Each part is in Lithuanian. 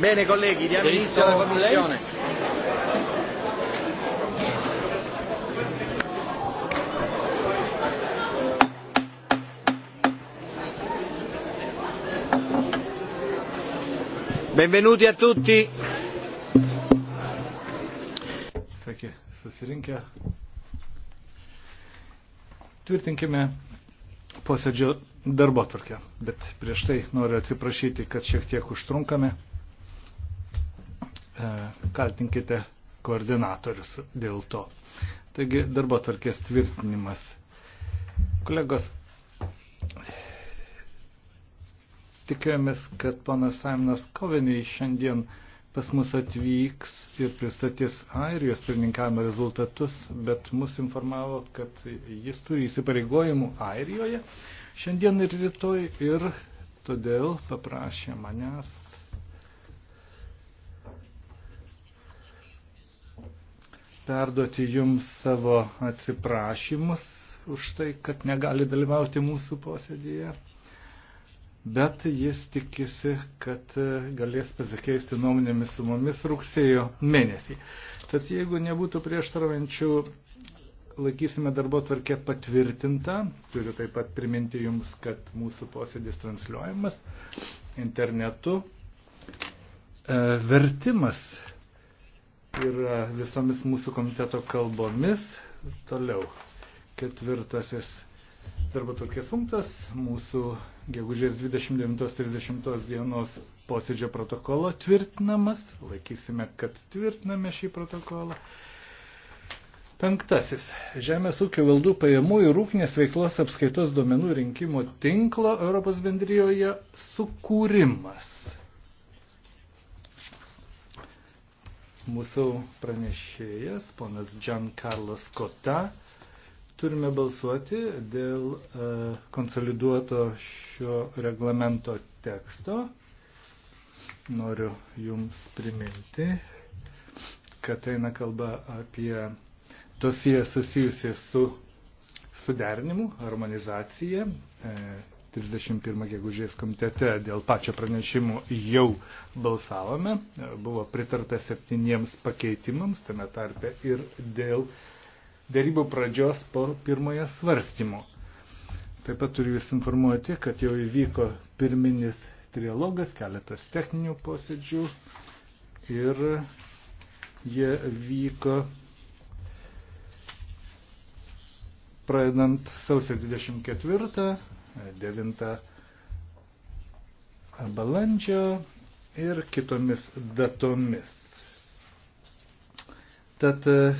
Bene colleghi, diamo inizio alla commissione. Benvenuti a tutti. Sveiki, susirinkę. Tvirtinkime posėdžio darbo tvarkę, bet prieš tai noriu atsiprašyti, kad šiek tiek užtrunkame. E, kaltinkite koordinatorius dėl to. Taigi darbo tarkės tvirtinimas. Kolegos, tikėjomės, kad ponas Saimnas Koveniai šiandien pas mus atvyks ir pristatys Airijos pirmininkavimo rezultatus, bet mus informavo, kad jis turi įsipareigojimų Airijoje šiandien ir rytoj ir todėl paprašė manęs perduoti jums savo atsiprašymus už tai, kad negali dalyvauti mūsų posėdėje. Bet jis tikisi, kad galės pasikeisti nuomonėmis su mumis rugsėjo mėnesį. Tad jeigu nebūtų prieštaraujančių, laikysime darbo tvarkę patvirtintą. Turiu taip pat priminti jums, kad mūsų posėdis transliuojamas internetu. E, vertimas yra visomis mūsų komiteto kalbomis. Toliau ketvirtasis darbo tokias punktas mūsų gegužės 29-30 dienos posėdžio protokolo tvirtinamas. Laikysime, kad tvirtiname šį protokolą. Penktasis. Žemės ūkio valdų pajamų ir ūkinės veiklos apskaitos duomenų rinkimo tinklo Europos bendrijoje sukūrimas. mūsų pranešėjas, ponas Giancarlo Scotta. Turime balsuoti dėl e, konsoliduoto šio reglamento teksto. Noriu Jums priminti, kad eina kalba apie dosiją susijusią su suderinimu, harmonizacija, e, 31 gegužės komitete dėl pačio pranešimo jau balsavome, buvo pritarta septyniems pakeitimams, tame tarpe ir dėl dėrybų pradžios po pirmojo svarstymo. Taip pat turiu Jūs informuoti, kad jau įvyko pirminis trialogas, keletas techninių posėdžių ir jie vyko pradedant sausio 24 9 balandžio ir kitomis datomis. Tad e,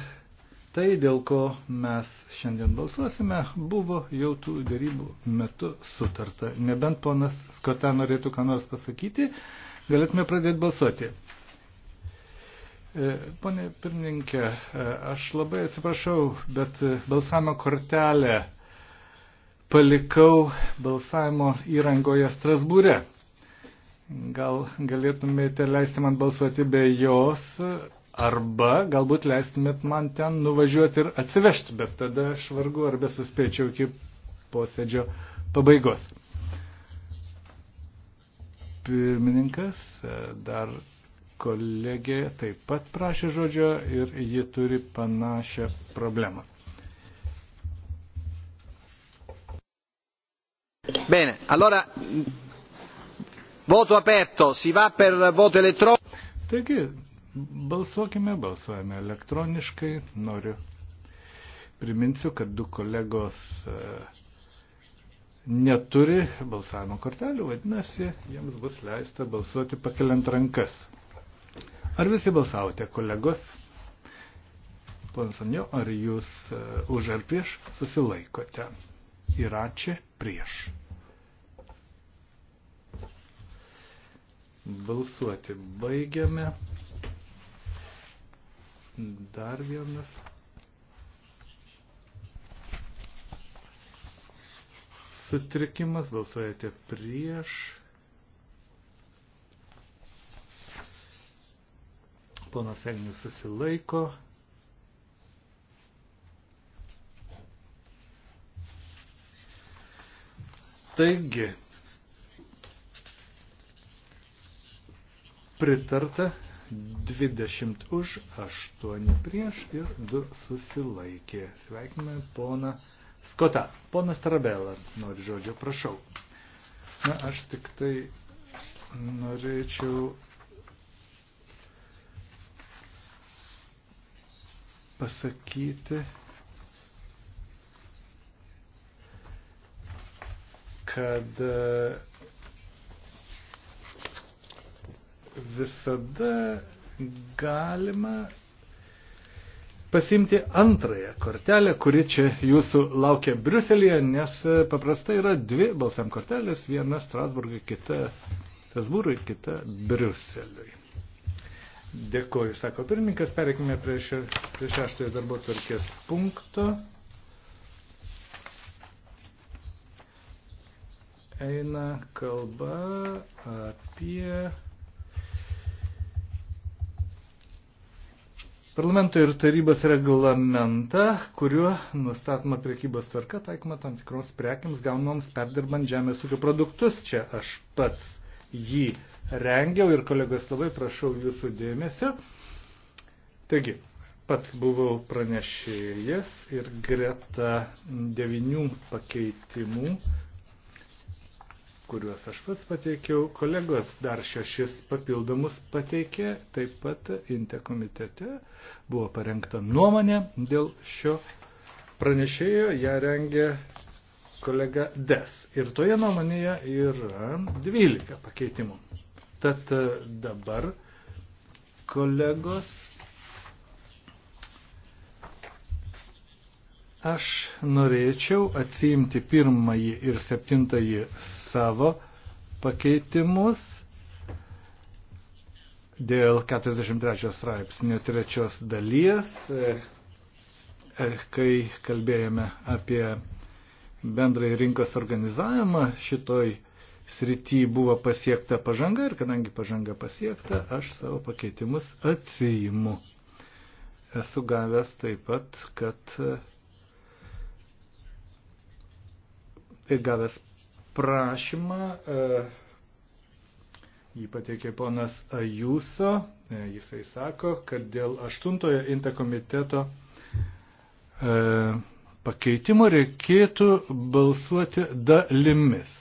tai, dėl ko mes šiandien balsuosime, buvo jau tų dėrybų metu sutarta. Nebent ponas Skota norėtų ką nors pasakyti, galėtume pradėti balsuoti. E, pone pirmininkė, e, aš labai atsiprašau, bet balsavimo kortelė palikau balsavimo įrangoje Strasbūre. Gal galėtumėte leisti man balsuoti be jos, arba galbūt leistumėt man ten nuvažiuoti ir atsivežti, bet tada aš vargu ar besuspėčiau iki posėdžio pabaigos. Pirmininkas, dar kolegė taip pat prašė žodžio ir ji turi panašią problemą. Bene, allora voto aperto, si va per voto elettronico. Taigi, balsuokime, balsuojame elektroniškai, noriu. Priminsiu, kad du kolegos e, neturi balsavimo kortelių, vadinasi, jiems bus leista balsuoti pakeliant rankas. Ar visi balsavote, kolegos? Ponas Anjo, ar jūs e, už ar prieš susilaikote? Yra čia prieš. Balsuoti baigiame. Dar vienas. Sutrikimas, balsuojate prieš. Ponas Elnius susilaiko. Taigi, pritarta 20 už, 8 prieš ir 2 susilaikė. Sveikiname poną Skota. Ponas Trabela, nori žodžio, prašau. Na, aš tik tai norėčiau pasakyti, kad uh, visada galima pasimti antrąją kortelę, kuri čia jūsų laukia Briuselėje, nes paprastai yra dvi balsam kortelės, viena Strasburgui, kita Strasbūrui, kita Briuseliui. Dėkoju, sako pirmininkas, pereikime prie, še, prie šeštojo darbo tvarkės punkto. Eina kalba apie parlamento ir tarybos reglamentą, kuriuo nustatoma priekybos tvarka taikoma tam tikros prekiams gaunamoms perdirbant žemės ūkio produktus. Čia aš pats jį rengiau ir kolegos labai prašau jūsų dėmesio. Taigi, pats buvau pranešėjas ir greta devinių pakeitimų kuriuos aš pats pateikiau, kolegos dar šešis papildomus pateikė, taip pat Inte komitete buvo parengta nuomonė dėl šio pranešėjo, ją rengė kolega Des. Ir toje nuomonėje yra 12 pakeitimų. Tad e, dabar kolegos Aš norėčiau atsiimti pirmąjį ir septintąjį savo pakeitimus dėl 43 straipsnio trečios dalies, e, kai kalbėjome apie bendrai rinkos organizavimą, šitoj srity buvo pasiekta pažanga ir kadangi pažanga pasiekta, aš savo pakeitimus atsijimu. Esu gavęs taip pat, kad e, gavęs prašymą e, jį pateikė ponas Ajuso. E, jisai sako, kad dėl aštuntojo interkomiteto e, pakeitimo reikėtų balsuoti dalimis.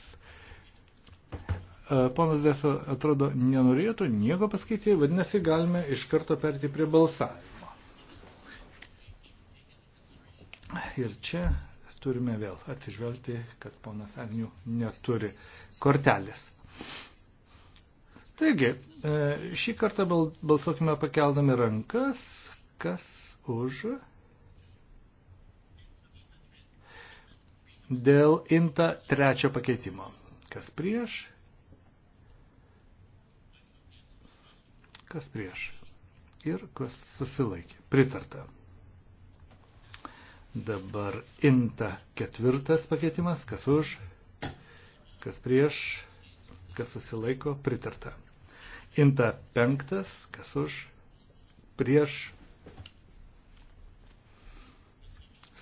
Ponas Deso atrodo nenorėtų nieko pasakyti, vadinasi, galime iš karto perti prie balsavimo. Ir čia turime vėl atsižvelgti, kad ponas Agnių neturi kortelės. Taigi, e, šį kartą balsuokime pakeldami rankas, kas už. Dėl inta trečio pakeitimo. Kas prieš? Kas prieš? Ir kas susilaikė? Pritarta. Dabar inta ketvirtas pakeitimas, kas už, kas prieš, kas susilaiko, pritarta. Inta penktas, kas už, prieš,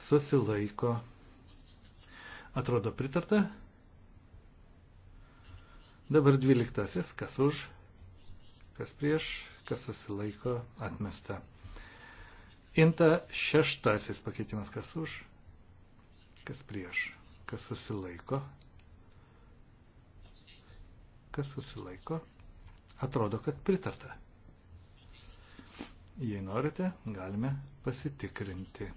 susilaiko. Atrodo pritarta. Dabar dvyliktasis, kas už, kas prieš, kas susilaiko, atmesta. Inta šeštasis pakeitimas, kas už, kas prieš, kas susilaiko, kas susilaiko, atrodo, kad pritarta. Jei norite, galime pasitikrinti.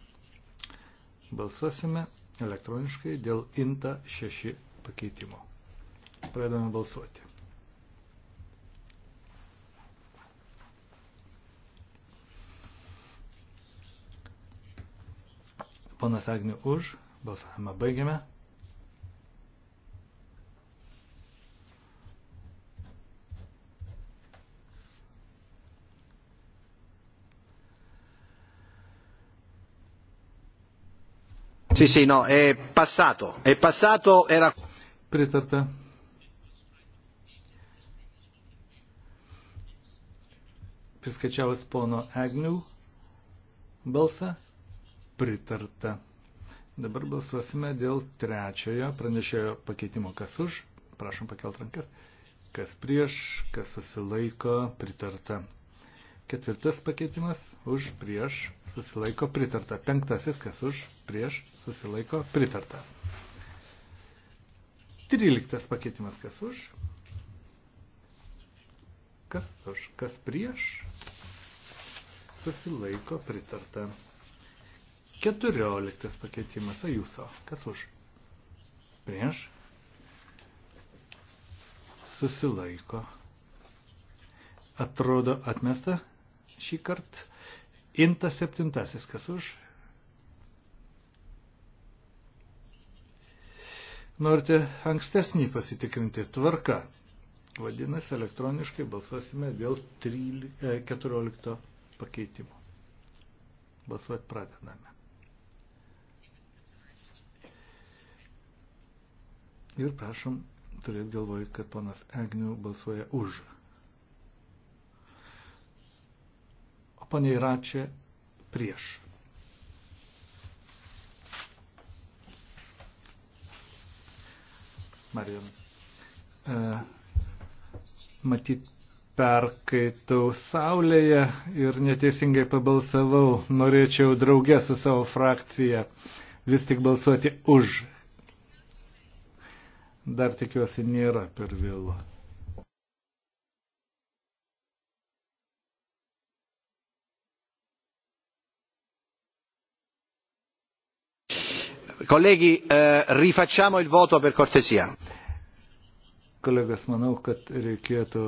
Balsuosime elektroniškai dėl INTA 6 pakeitimo. Pradedame balsuoti. Ponas Agnių už. Balsavimą baigiame. Sì, sì, no, è passato. È passato, era... Pritarta. Priskaičiavus pono Agnių balsą, pritarta. Dabar balsuosime dėl trečiojo pranešėjo pakeitimo. Kas už? Prašom pakelt rankas. Kas prieš? Kas susilaiko? Pritarta. Ketvirtas pakeitimas už prieš susilaiko pritarta. Penktasis, kas už prieš susilaiko pritarta. Tryliktas pakeitimas, kas už. Kas už, kas prieš susilaiko pritarta. Keturioliktas pakeitimas, ajuso. Kas už? Prieš. Susilaiko. Atrodo atmesta šį kartą. Inta septintasis, kas už? Norite ankstesnį pasitikrinti tvarką. Vadinasi, elektroniškai balsuosime dėl 13, 14 e, pakeitimo. Balsuoti pradedame. Ir prašom turėti galvoj, kad ponas Egnių balsuoja už. O ponė Iračė prieš. Marijon. E, matyt, perkaitau saulėje ir neteisingai pabalsavau. Norėčiau draugę su savo frakcija vis tik balsuoti už dar tikiuosi nėra per vėlų. Colleghi, eh, rifacciamo il voto per cortesia. Kolegas, manau, kad reikėtų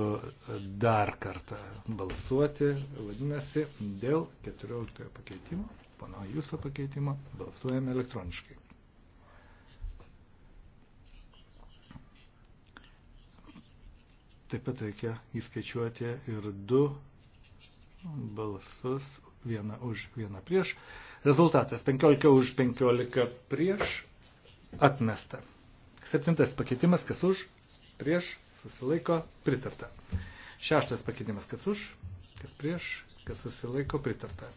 dar kartą balsuoti, vadinasi, dėl 14 pakeitimo, pana Jūsų pakeitimo, balsuojame elektroniškai. Taip pat reikia įskaičiuoti ir du balsus, vieną už, vieną prieš. Rezultatas 15 už 15 prieš atmesta. Septintas pakeitimas, kas už, prieš, susilaiko, pritarta. Šeštas pakeitimas, kas už, kas prieš, kas susilaiko, pritarta.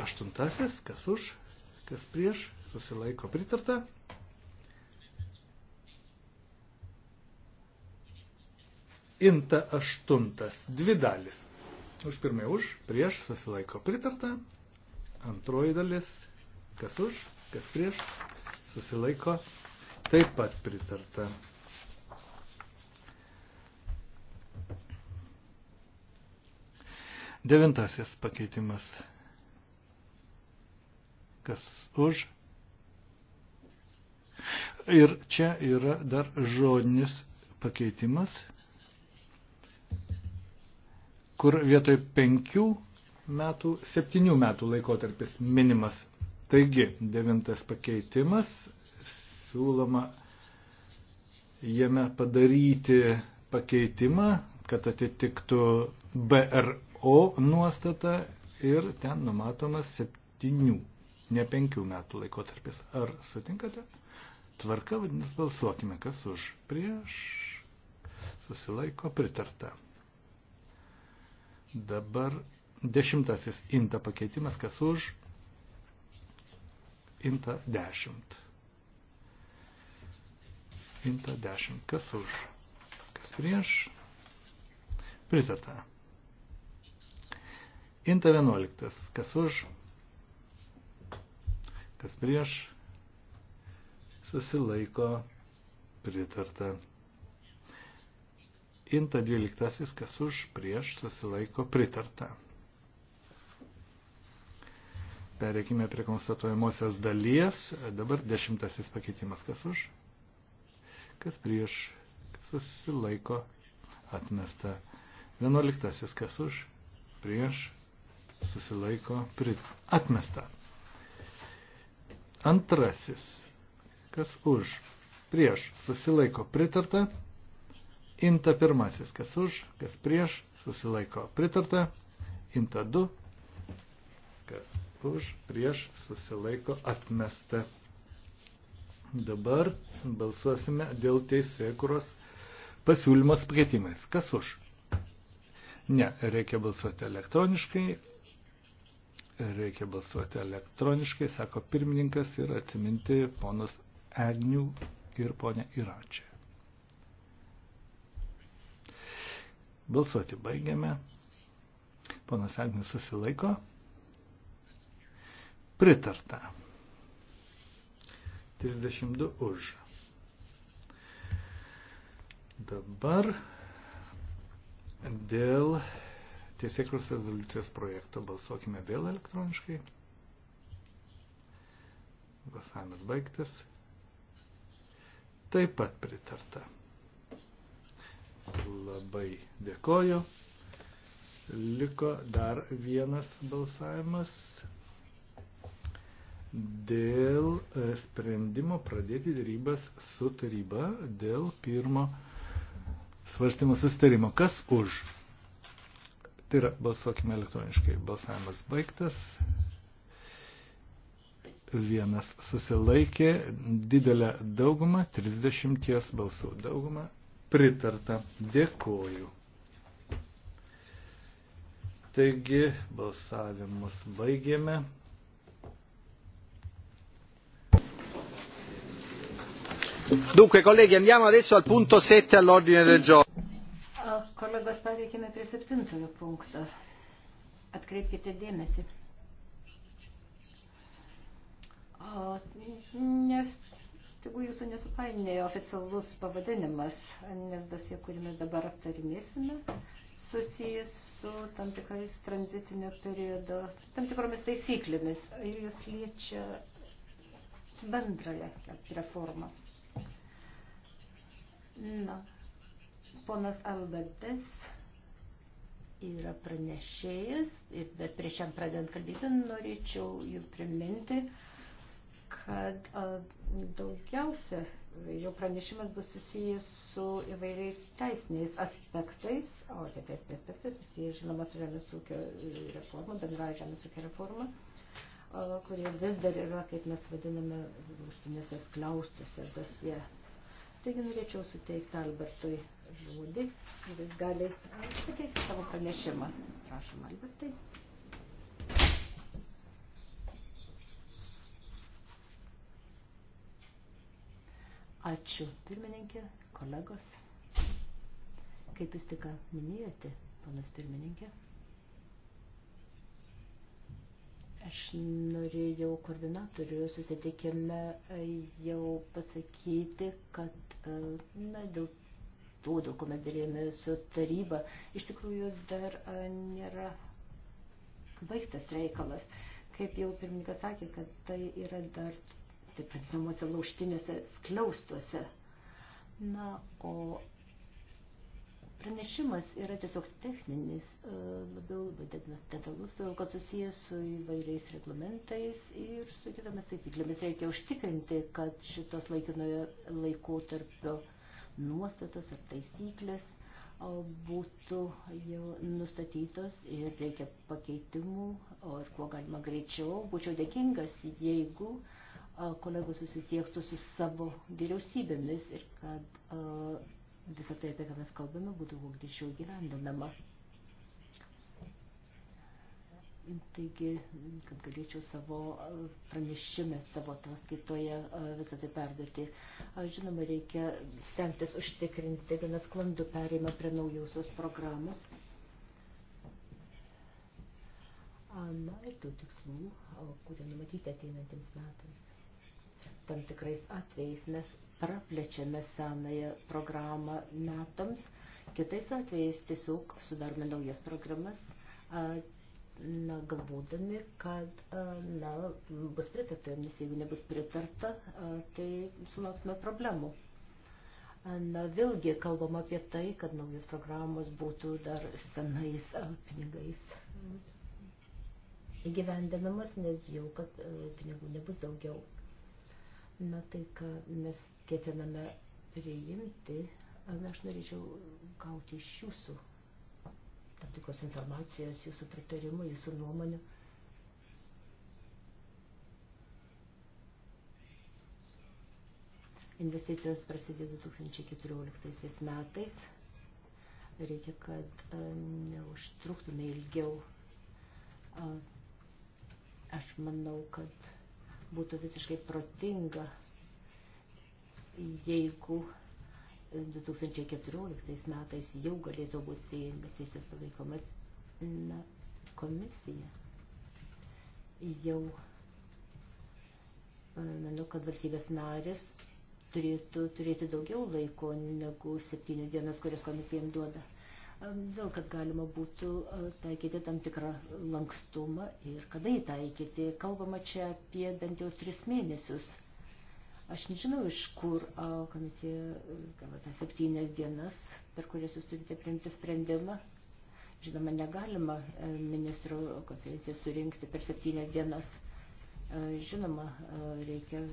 Aštuntasis, kas už, kas prieš, susilaiko pritarta. Inta aštuntas. Dvi dalis. Už pirmąją už, prieš, susilaiko pritarta. Antroji dalis. Kas už, kas prieš, susilaiko taip pat pritarta. Devintasis pakeitimas. Kas už? Ir čia yra dar žodinis pakeitimas kur vietoj penkių metų, septynių metų laikotarpis minimas. Taigi, devintas pakeitimas, siūloma jame padaryti pakeitimą, kad atitiktų BRO nuostatą ir ten numatomas septynių, ne penkių metų laikotarpis. Ar sutinkate? Tvarka, vadinasi, balsuokime, kas už prieš. Susilaiko pritarta. Dabar dešimtasis inta pakeitimas, kas už inta dešimt. Inta dešimt, kas už, kas prieš, pritarta. Inta vienuoliktas, kas už, kas prieš, susilaiko pritarta. Inta 12, kas už, prieš, susilaiko pritarta. Pereikime prie konstatuojamosios dalies. Dabar dešimtasis pakeitimas, kas už, kas prieš, kas susilaiko atmesta. Vienuoliktasis, kas už, prieš, susilaiko prit... atmesta. Antrasis, kas už, prieš, susilaiko pritarta. Inta pirmasis, kas už, kas prieš, susilaiko pritarta. Inta 2, kas už, prieš, susilaiko atmesta. Dabar balsuosime dėl teisėkuros pasiūlymos pakeitimais. Kas už? Ne, reikia balsuoti elektroniškai. Reikia balsuoti elektroniškai, sako pirmininkas ir atsiminti ponas Agnių ir ponė Iračiai. Balsuoti baigiame. Ponas Agnius susilaiko. Pritarta. 32 už. Dabar dėl tiesiekros rezoliucijos projekto balsuokime vėl elektroniškai. Vasavimas baigtas. Taip pat pritarta. Labai dėkoju. Liko dar vienas balsavimas dėl e, sprendimo pradėti dėrybas su taryba dėl pirmo svarstymo sustarimo. Kas už? Tai yra, balsuokime elektroniškai. Balsavimas baigtas. Vienas susilaikė didelę daugumą, 30 balsų daugumą pritarta. Dėkoju. Taigi, balsavimus baigėme. Dunque, colleghi, andiamo adesso al punto 7 all'ordine del giorno. Kolegos, pareikime prie septintojo punkto. Atkreipkite dėmesį. O, nes tegu jūsų nesupainioja oficialus pavadinimas, nes dosie, kurį mes dabar aptarinėsime, susijęs su tam tikrais tranzitinio periodo, tam tikromis taisyklėmis ir jos liečia bendrąją reformą. Na, ponas Albertas yra pranešėjas ir bet prieš jam pradedant kalbėti norėčiau jų priminti, kad daugiausia jo pranešimas bus susijęs su įvairiais teisiniais aspektais, o tie teisiniai aspektai susiję, žinoma, su žemės ūkio e, reforma, bendra žemės ūkio reforma, kurie vis dar yra, kaip mes vadiname, užsienėse skliaustuose dosie. Taigi norėčiau suteikti Albertui žodį, jis gali pateikti savo pranešimą. Prašom, Albertai. Ačiū, pirmininkė, kolegos. Kaip jūs tik minėjote, panas pirmininkė, aš norėjau koordinatorių susitikime e, jau pasakyti, kad e, na, dėl tų, dėl ko mes dėlėjome su taryba, iš tikrųjų dar e, nėra baigtas reikalas. Kaip jau pirmininkas sakė, kad tai yra dar taip vadinamuose lauštiniuose skliaustuose. Na, o pranešimas yra tiesiog techninis, e, labiau detalus, todėl kad susijęs su įvairiais reglamentais ir su kitomis taisyklėmis. Reikia užtikrinti, kad šitos laikinojo laikotarpio nuostatos ar taisyklės būtų jau nustatytos ir reikia pakeitimų, o ir kuo galima greičiau. Būčiau dėkingas, jeigu uh, kolegos susisiektų su savo vyriausybėmis ir kad visą tai, apie ką mes kalbame, būtų kuo greičiau gyvendinama. Taigi, kad galėčiau savo pranešime, savo ataskaitoje visą tai perduoti. Žinoma, reikia stengtis užtikrinti gana sklandų perėjimą prie naujausios programos. Na ir tų tikslų, kurie numatyti ateinantiems metams tam tikrais atvejais mes praplečiame senąją programą metams, kitais atvejais tiesiog sudarome naujas programas, na, galvodami, kad na, bus pritarta, nes jeigu nebus pritarta, tai sulauksime problemų. Na, vėlgi kalbam apie tai, kad naujos programos būtų dar senais pinigais įgyvendinamos, nes bijau, kad pinigų nebus daugiau. Na tai, ką mes ketiname priimti, aš norėčiau gauti iš jūsų tam tikros informacijos, jūsų pritarimų, jūsų nuomonių. Investicijos prasidėjo 2014 metais. Reikia, kad neužtruktume ilgiau. Aš manau, kad būtų visiškai protinga, jeigu 2014 metais jau galėtų būti investicijos palaikomas na, komisija. Jau manau, kad valstybės narės turėtų turėti daugiau laiko negu septynės dienas, kurias komisija jiems duoda dėl kad galima būtų taikyti tam tikrą lankstumą ir kada jį taikyti. Kalbama čia apie bent jau tris mėnesius. Aš nežinau, iš kur komisija gavo tas septynias dienas, per kurias jūs turite priimti sprendimą. Žinoma, negalima ministro konferenciją surinkti per septynias dienas. Žinoma, reikia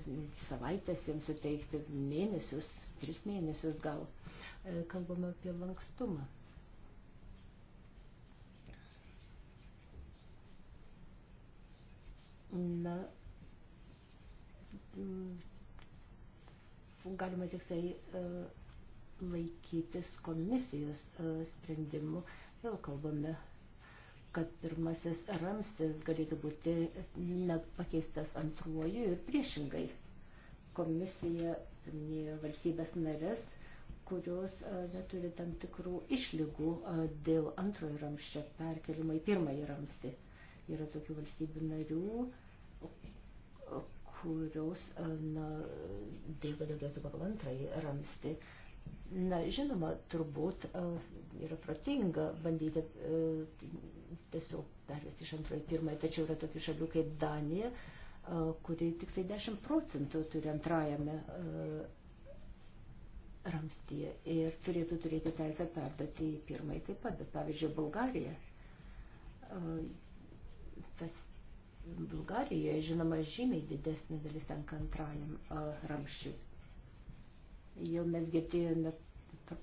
savaitės jiems suteikti mėnesius, tris mėnesius gal. Kalbame apie lankstumą. Na, galima tik tai e, laikytis komisijos e, sprendimų. Vėl kalbame, kad pirmasis ramstis galėtų būti pakeistas antruoju ir priešingai. Komisija paminėjo valstybės narės, kurios e, neturi tam tikrų išlygų dėl antrojo ramščio perkelimo į pirmąjį ramstį. Yra tokių valstybių narių, kurios e, na, dirba daugiausiai pagal antrąjį ramstį. Na, žinoma, turbūt e, yra protinga bandyti e, tiesiog pervesti iš antrojo į pirmąjį, tačiau yra tokių šalių kaip Danija, kuri tik tai 10 procentų turi antrajame ramstyje ir turėtų turėti teisę perduoti į pirmąjį taip pat, bet pavyzdžiui, Bulgarija pas Bulgarijoje, žinoma, žymiai didesnė dalis tenka antrajam ramščiui. Jau mes girdėjome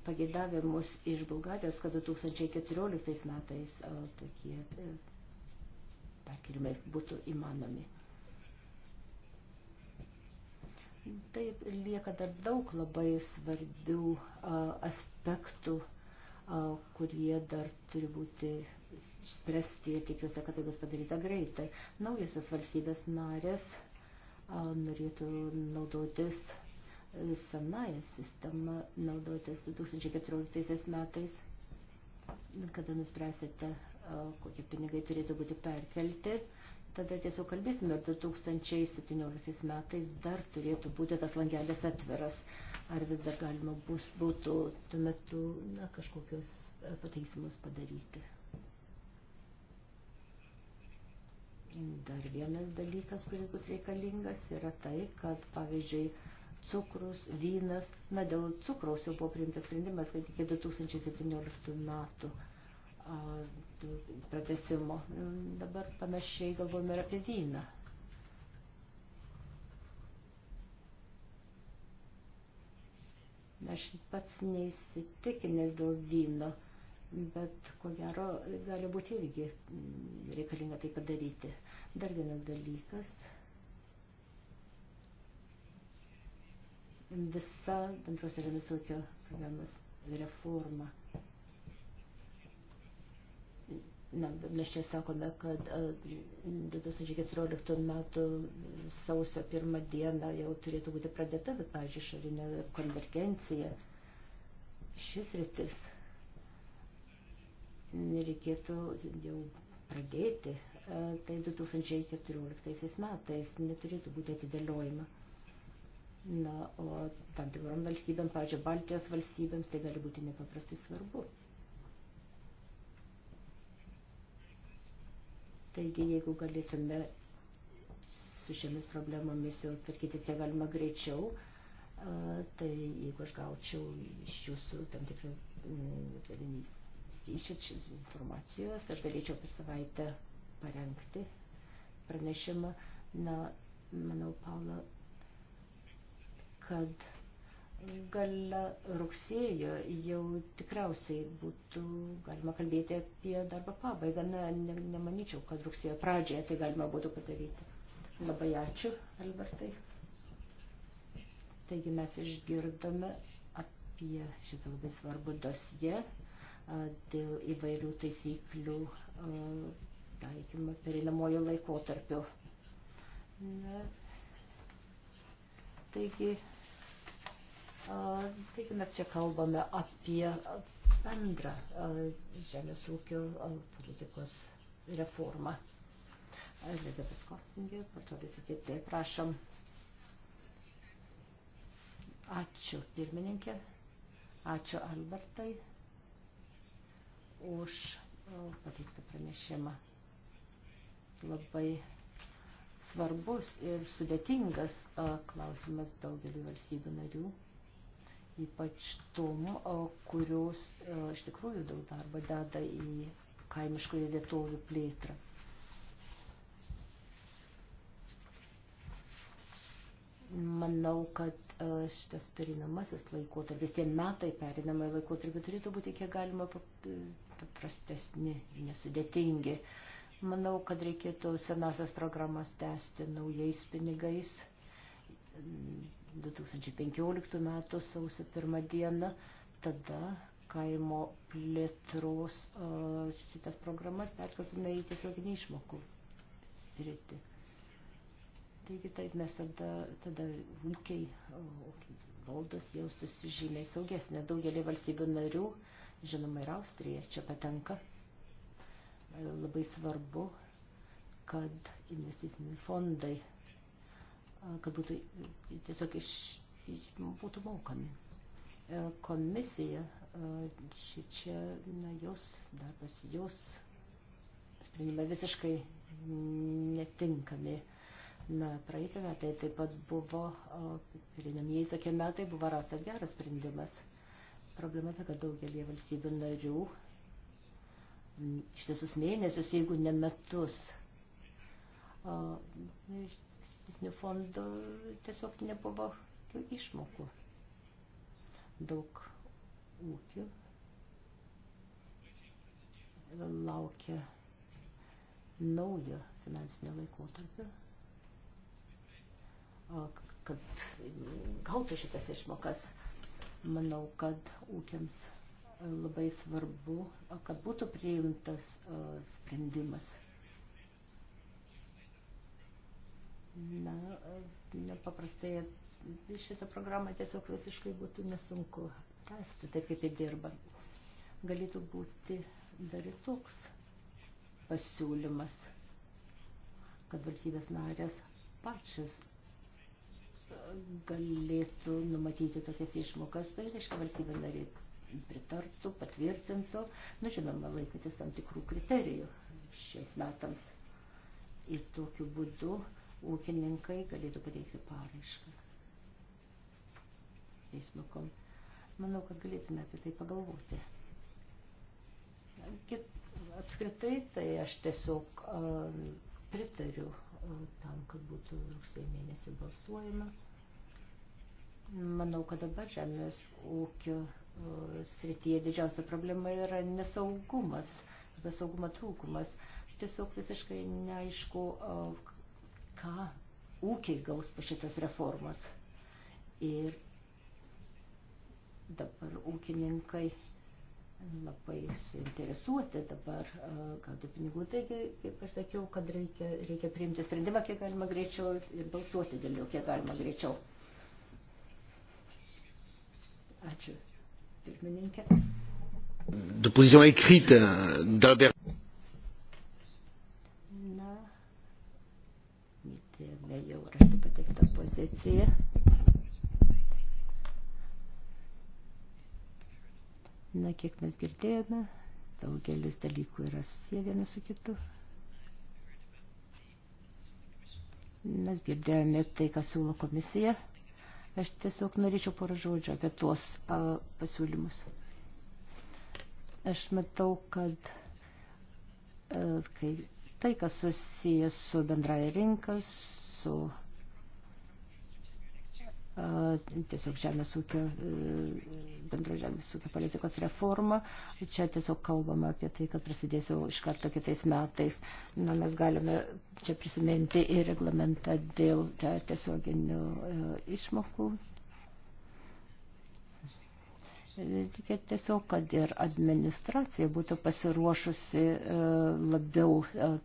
pagėdavimus iš Bulgarijos, kad 2014 metais o, tokie e, perkelimai būtų įmanomi. Taip lieka dar daug labai svarbių a, aspektų, a, kurie dar turi būti spręsti ir tikiuosi, kad tai bus padaryta greitai. Naujosios valstybės narės norėtų naudotis e, senąją sistemą, naudotis 2014 metais, kada nuspręsite, kokie pinigai turėtų būti perkelti. Tada tiesiog kalbėsime, 2017 metais dar turėtų būti tas langelis atviras. Ar vis dar galima bus, būtų tuo metu na, kažkokios e, pataisimus padaryti. Dar vienas dalykas, kuris bus reikalingas, yra tai, kad pavyzdžiui cukrus, vynas, na dėl cukraus jau buvo priimtas sprendimas, kad iki 2017 metų a, pratesimo. Dabar panašiai galvojame ir apie vyną. Aš pats neįsitikinęs dėl vyno bet ko gero gali būti irgi mm, reikalinga tai padaryti. Dar vienas dalykas. Visa bendros žemės ūkio programos reforma. Na, mes čia sakome, kad 2014 metų sausio pirmą dieną jau turėtų būti pradėta, bet, pavyzdžiui, šarinė konvergencija. Šis rytis reikėtų jau pradėti. E, tai 2014 metais neturėtų būti atidėliojama. Na, o tam tikrom valstybėm, pavyzdžiui, Baltijos valstybėms, tai gali būti nepaprastai svarbu. Taigi, jeigu galėtume su šiomis problemomis jau tvarkyti kiek galima greičiau, e, tai jeigu aš gaučiau iš jūsų tam tikrą galimybę mm, prašysit šis informacijos, aš galėčiau per savaitę parengti pranešimą. Na, manau, Paula, kad gale rugsėjo jau tikriausiai būtų galima kalbėti apie darbo pabaigą. Na, ne, nemanyčiau, kad rugsėjo pradžioje tai galima būtų padaryti. Labai ačiū, Albertai. Taigi mes išgirdome apie šitą labai svarbų dosiją dėl įvairių taisyklių taikymo perinamojo laikotarpiu. Na, taigi, taigi mes čia kalbame apie bendrą žemės ūkio politikos reformą. Elizabeth Kostingė, po to visi kiti, prašom. Ačiū pirmininkė, ačiū Albertai už pateiktą pranešimą. Labai svarbus ir sudėtingas klausimas daugeliu valstybių narių, ypač tom, kurios iš tikrųjų daug darbo deda į kaimiškųjų vietovių plėtrą. Manau, kad E, šitas perinamasis laikotarpis, tie metai perinamai laikotarpį turėtų būti kiek galima e, paprastesni, nesudėtingi. Manau, kad reikėtų senasias programas tęsti naujais pinigais. 2015 mm, metų sausio pirmą dieną, tada kaimo plėtros e, šitas programas perkeltume į tiesioginį išmokų sritį. Taigi taip mes tada, tada ūkiai, valdos jaustųsi žymiai saugesnė. Daugelį valstybių narių, žinoma, ir Austrija čia patenka. Labai svarbu, kad investiciniai fondai, kad būtų tiesiog iš, būtų mokami. E, komisija, čia, čia na, jos darbas, jos sprendimai visiškai netinkami Na, praeitą metą taip pat buvo, perinamieji tokie metai, buvo rastas geras sprendimas. Problema ta, kad daugelie valstybių narių ištisus mėnesius, jeigu ne metus, investicinių fondų tiesiog nebuvo išmokų. Daug ūkių laukia naujo finansinio laikotarpio kad gautų šitas išmokas. Manau, kad ūkiams labai svarbu, kad būtų priimtas sprendimas. Na, nepaprastai šitą programą tiesiog visiškai būtų nesunku tęsti, taip kaip jie dirba. Galėtų būti dar ir toks pasiūlymas, kad valstybės narės pačios galėtų numatyti tokias išmokas, tai reiškia valstybė narė pritartų, patvirtintų, na nu, žinoma, laikytis tam tikrų kriterijų šiems metams. Ir tokiu būdu ūkininkai galėtų pateikti paraišką išmokom. Manau, kad galėtume apie tai pagalvoti. Apskritai, tai aš tiesiog uh, pritariu tam, kad būtų rugsėjo mėnesį balsuojama. Manau, kad dabar žemės ūkio srityje didžiausia problema yra nesaugumas, arba saugumo trūkumas. Tiesiog visiškai neaišku, ką ūkiai gaus po šitas reformos. Ir dabar ūkininkai labai suinteresuoti dabar e, gauti pinigų. Taigi, kaip aš sakiau, kad reikia, reikia priimti sprendimą kiek galima greičiau ir balsuoti dėl jo kiek galima greičiau. Ačiū, pirmininkė. De position écrite d'Albert. Na, įtėmė jau raštu pateiktą poziciją. Na, kiek mes girdėjome, daugelis dalykų yra susiję vienas su kitu. Mes girdėjome tai, ką siūlo komisija. Aš tiesiog norėčiau porą žodžių apie tuos a, pasiūlymus. Aš matau, kad a, e, kai, tai, kas susiję su bendraja rinka, su a, tiesiog žemės ūkio, e, bendro žemės ūkio politikos reforma. Čia tiesiog kalbama apie tai, kad prasidės jau iš karto kitais metais. Na, mes galime čia prisiminti ir reglamentą dėl tiesioginių e, išmokų. Reikia tiesiog, kad ir administracija būtų pasiruošusi e, labiau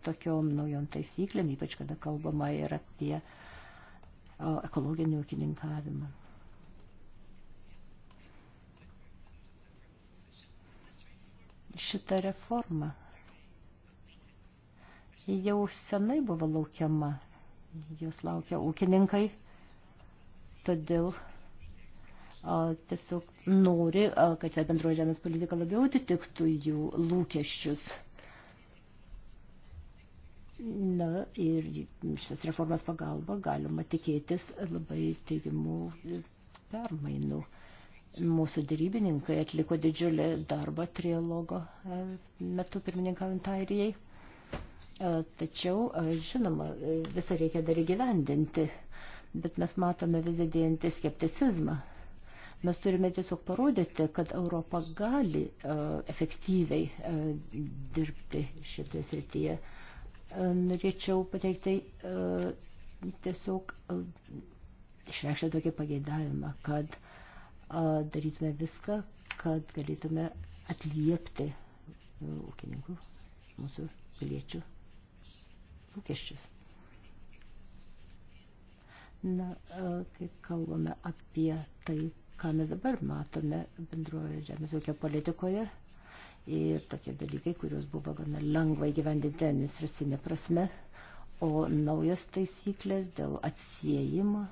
tokiom naujom taisyklėm, ypač kada kalbama ir apie uh, ekologinį ūkininkavimą. Šita reforma jau senai buvo laukiama, jos laukia ūkininkai, todėl a, tiesiog nori, a, kad ta bendroji žemės politika labiau atitiktų jų lūkesčius. Na ir šias reformas pagalba galima tikėtis labai teigiamų permainų. Mūsų dėrybininkai atliko didžiulį darbą trialogo e, metu pirmininkaujant airijai. E, tačiau, e, žinoma, visą reikia dar įgyvendinti, bet mes matome vis didėjantį skepticizmą. Mes turime tiesiog parodyti, kad Europa gali efektyviai dirbti šitoje srityje. Uh, norėčiau pateikti e, tiesiog e, išreikšti tokį pageidavimą, kad e, darytume viską, kad galėtume atliepti ūkininkų, mūsų piliečių lūkesčius. Na, kai kalbame apie tai, ką mes dabar matome bendroje žemės ūkio politikoje, ir tokie dalykai, kuriuos buvo gana lengva įgyvendinti administracinė prasme, o naujos taisyklės dėl atsiejimo.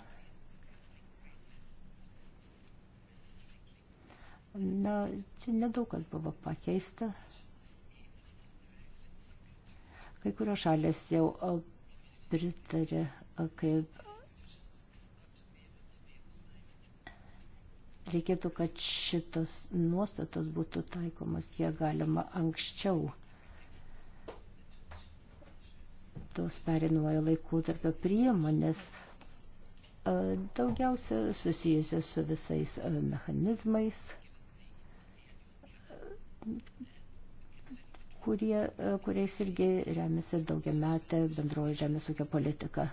Na, čia nedaug kas buvo pakeista. Kai kurios šalės jau pritarė, kaip reikėtų, kad šitos nuostatos būtų taikomas kiek galima anksčiau. Tos perinamojo laikotarpio priemonės daugiausia susijusios su visais mechanizmais, kurie, kuriais irgi remiasi daugiametė bendroji žemės ūkio politika.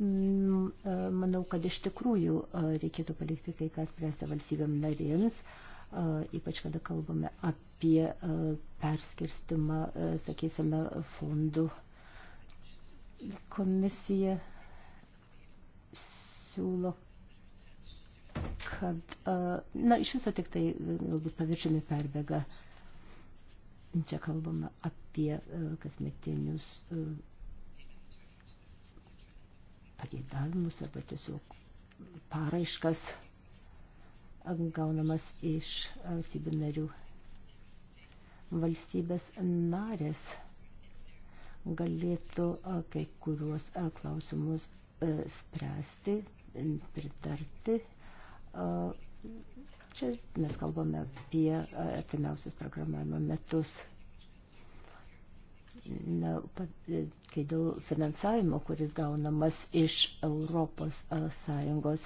Mm, e, manau, kad iš tikrųjų e, reikėtų palikti kai kas spręsti valstybėm narėms, e, ypač kada kalbame apie perskirstimą, sakysime, fondų. Komisija siūlo, kad, na, iš viso tik tai galbūt paviršiumi perbėga. Čia kalbame apie kasmetinius pageidavimus arba tiesiog paraiškas gaunamas iš valstybių narių. Valstybės narės galėtų kai kuriuos klausimus spręsti, pritarti. Čia mes kalbame apie artimiausius programavimo metus. E, kai dėl finansavimo, kuris gaunamas iš Europos e, Sąjungos.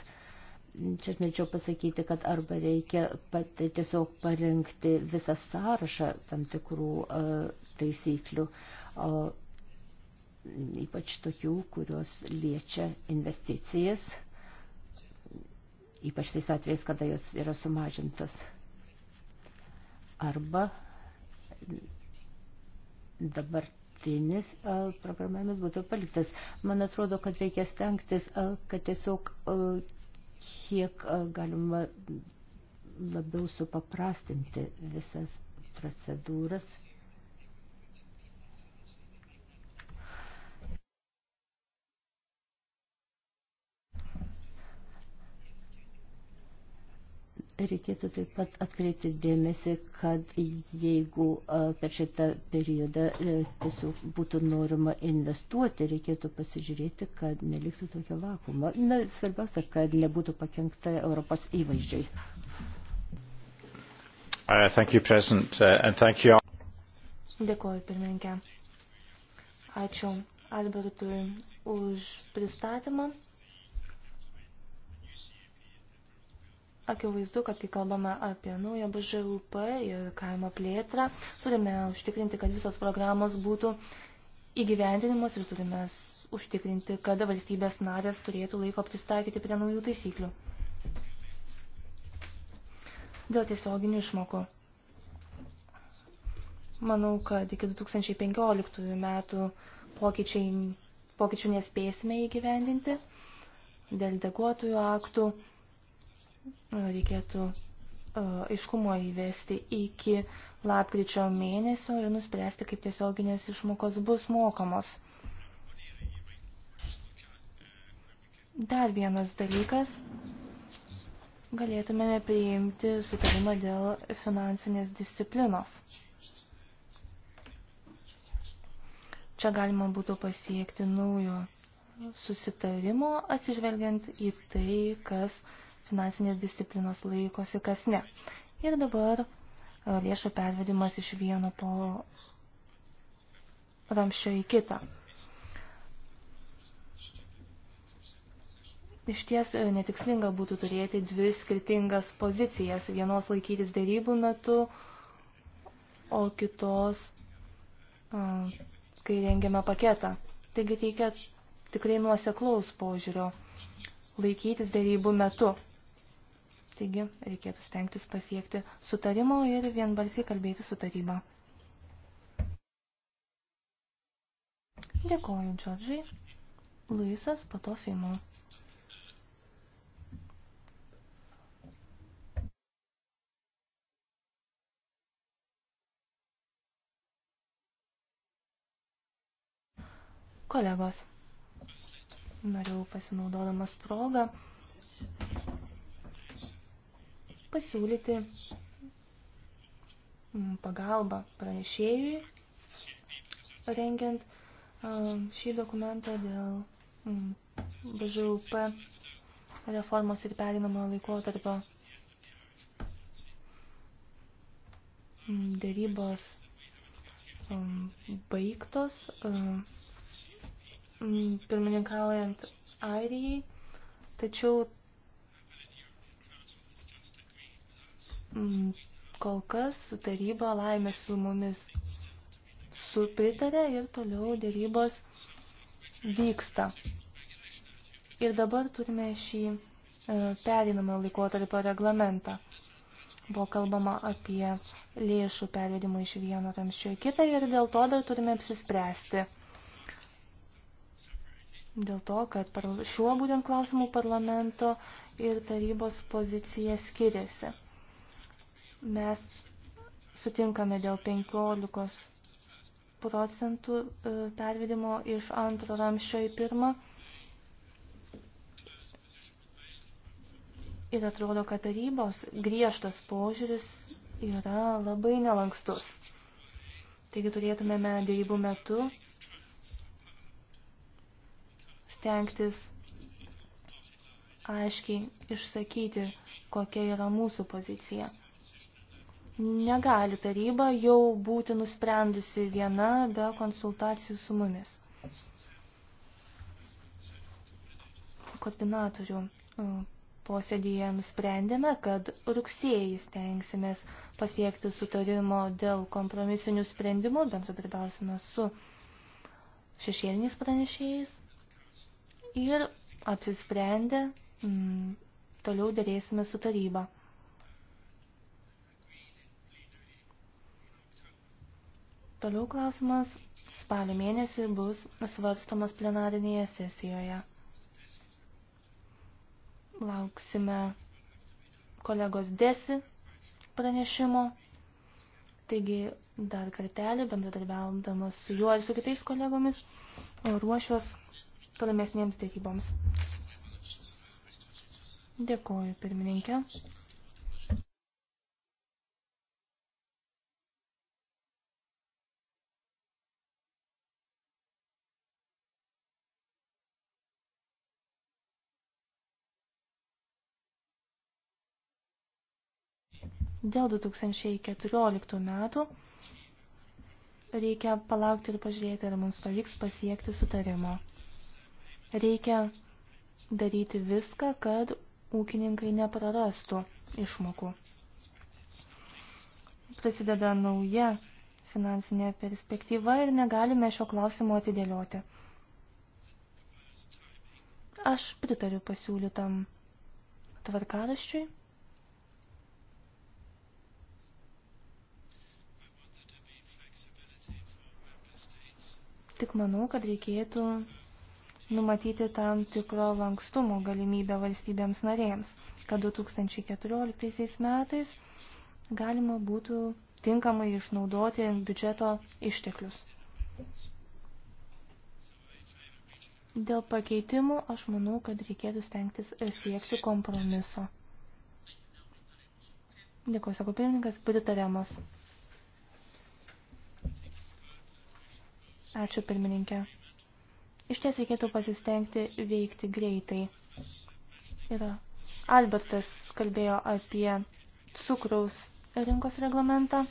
Čia aš norėčiau pasakyti, kad arba reikia pat, e, tiesiog parengti visą sąrašą tam tikrų uh, taisyklių, o, ypač tokių, kurios liečia investicijas, ypač tais atvejais, kada jos yra sumažintos. Arba dabartinis programavimas būtų paliktas. Man atrodo, kad reikia stengtis, kad tiesiog kiek galima labiau supaprastinti visas procedūras reikėtų taip pat atkreipti dėmesį, kad jeigu per šitą periodą e, tiesiog būtų norima investuoti, reikėtų pasižiūrėti, kad neliktų tokio vakumo. Na, svarbiausia, kad nebūtų pakengta Europos įvaizdžiai. Uh, thank you, President, uh, and thank you. Dėkuoju, pirmininkė. Ačiū Albertui už pristatymą. Akivaizdu, kad kai kalbame apie naują BŽUP ir kaimo plėtrą, turime užtikrinti, kad visos programos būtų įgyvendinimas ir turime užtikrinti, kad valstybės narės turėtų laiko pristaikyti prie naujų taisyklių. Dėl tiesioginių išmokų. Manau, kad iki 2015 metų pokyčiai, pokyčių nespėsime įgyvendinti dėl deguotųjų aktų reikėtų e, aiškumo įvesti iki lapkričio mėnesio ir nuspręsti, kaip tiesioginės išmokos bus mokamos. Dar vienas dalykas. Galėtumėme priimti sutarimą dėl finansinės disciplinos. Čia galima būtų pasiekti naujo susitarimo, atsižvelgiant į tai, kas uh, finansinės disciplinos laikosi, kas ne. Ir dabar e, lėšų pervedimas iš vieno po ramščio į kitą. Iš ties e, netikslinga būtų turėti dvi skirtingas pozicijas, vienos laikytis dėrybų metu, o kitos, e, kai rengiame paketą. Taigi teikia tikrai nuoseklaus požiūrio laikytis dėrybų metu. Taigi reikėtų stengtis pasiekti sutarimo ir vienbalsiai kalbėti su taryba. Dėkoju, Džordžiai. Luisas, po to Fimo. kolegos. Norėjau pasinaudodamas progą pasiūlyti pagalbą pranešėjui rengiant šį dokumentą dėl BŽUP reformos ir perinamojo laikotarpio dėrybos baigtos pirmininkaujant Airijai, tačiau Mm, kol kas taryba laimė su mumis supritarė ir toliau dėrybos vyksta. Ir dabar turime šį e, perinamą laikotarpio reglamentą. Buvo kalbama apie lėšų pervedimą iš vieno ramščio į kitą ir dėl to dar turime apsispręsti. Dėl to, kad šiuo būtent klausimu parlamento ir tarybos pozicija skiriasi. Mes sutinkame dėl 15 procentų e, pervedimo iš antro ramščio į pirmą. Ir atrodo, kad tarybos griežtas požiūris yra labai nelankstus. Taigi turėtumėme dėrybų metu stengtis aiškiai išsakyti, kokia yra mūsų pozicija. Negali taryba jau būti nusprendusi viena be konsultacijų su mumis. Koordinatorių e, posėdėje nusprendėme, kad rugsėjį stengsimės pasiekti sutarimo dėl kompromisinių sprendimų, bendradarbiausime su šešėliniais pranešėjais ir apsisprendę m, toliau dėrėsime su taryba. Toliau klausimas spalio mėnesį bus svarstomas plenarinėje sesijoje. Lauksime kolegos Desi pranešimo. Taigi dar kartelį, bendradarbiavimas su juo ir su kitais kolegomis, ruošiuos tolimesniems dėryboms. Dėkoju, pirmininkė. dėl 2014 metų reikia palaukti ir pažiūrėti, ar mums pavyks pasiekti sutarimo. Reikia daryti viską, kad ūkininkai neprarastų išmokų. Prasideda nauja finansinė perspektyva ir negalime šio klausimo atidėlioti. Aš pritariu pasiūlytam tvarkaraščiui. tik manau, kad reikėtų numatyti tam tikro lankstumo galimybę valstybėms narėms, kad 2014 metais galima būtų tinkamai išnaudoti biudžeto išteklius. Dėl pakeitimų aš manau, kad reikėtų stengtis siekti kompromiso. Dėkuoju, sako pirmininkas, pritariamas. Ačiū pirmininkė. Iš ties reikėtų pasistengti veikti greitai. Yra. Albertas kalbėjo apie cukraus rinkos reglamentą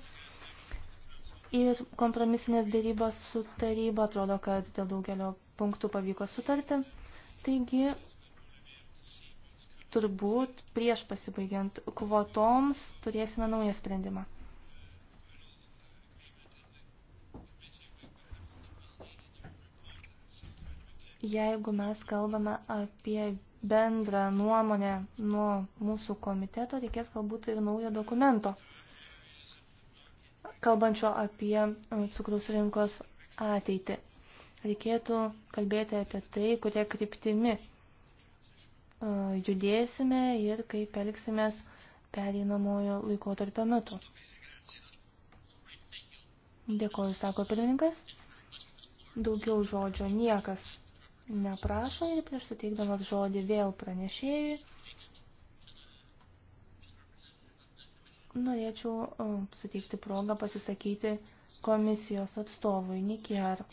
ir kompromisinės dėrybos su taryba atrodo, kad dėl daugelio punktų pavyko sutarti. Taigi, turbūt prieš pasibaigiant kvotoms turėsime naują sprendimą. jeigu mes kalbame apie bendrą nuomonę nuo mūsų komiteto, reikės galbūt ir naujo dokumento, kalbančio apie e, cukrus rinkos ateitį. Reikėtų kalbėti apie tai, kurie kryptimi e, judėsime ir kaip elgsimės pereinamojo laikotarpio metu. Dėkoju, sako pirmininkas. Daugiau žodžio niekas neprašo ir prieš suteikdamas žodį vėl pranešėjai. Norėčiau uh, suteikti progą pasisakyti komisijos atstovui Nikiar.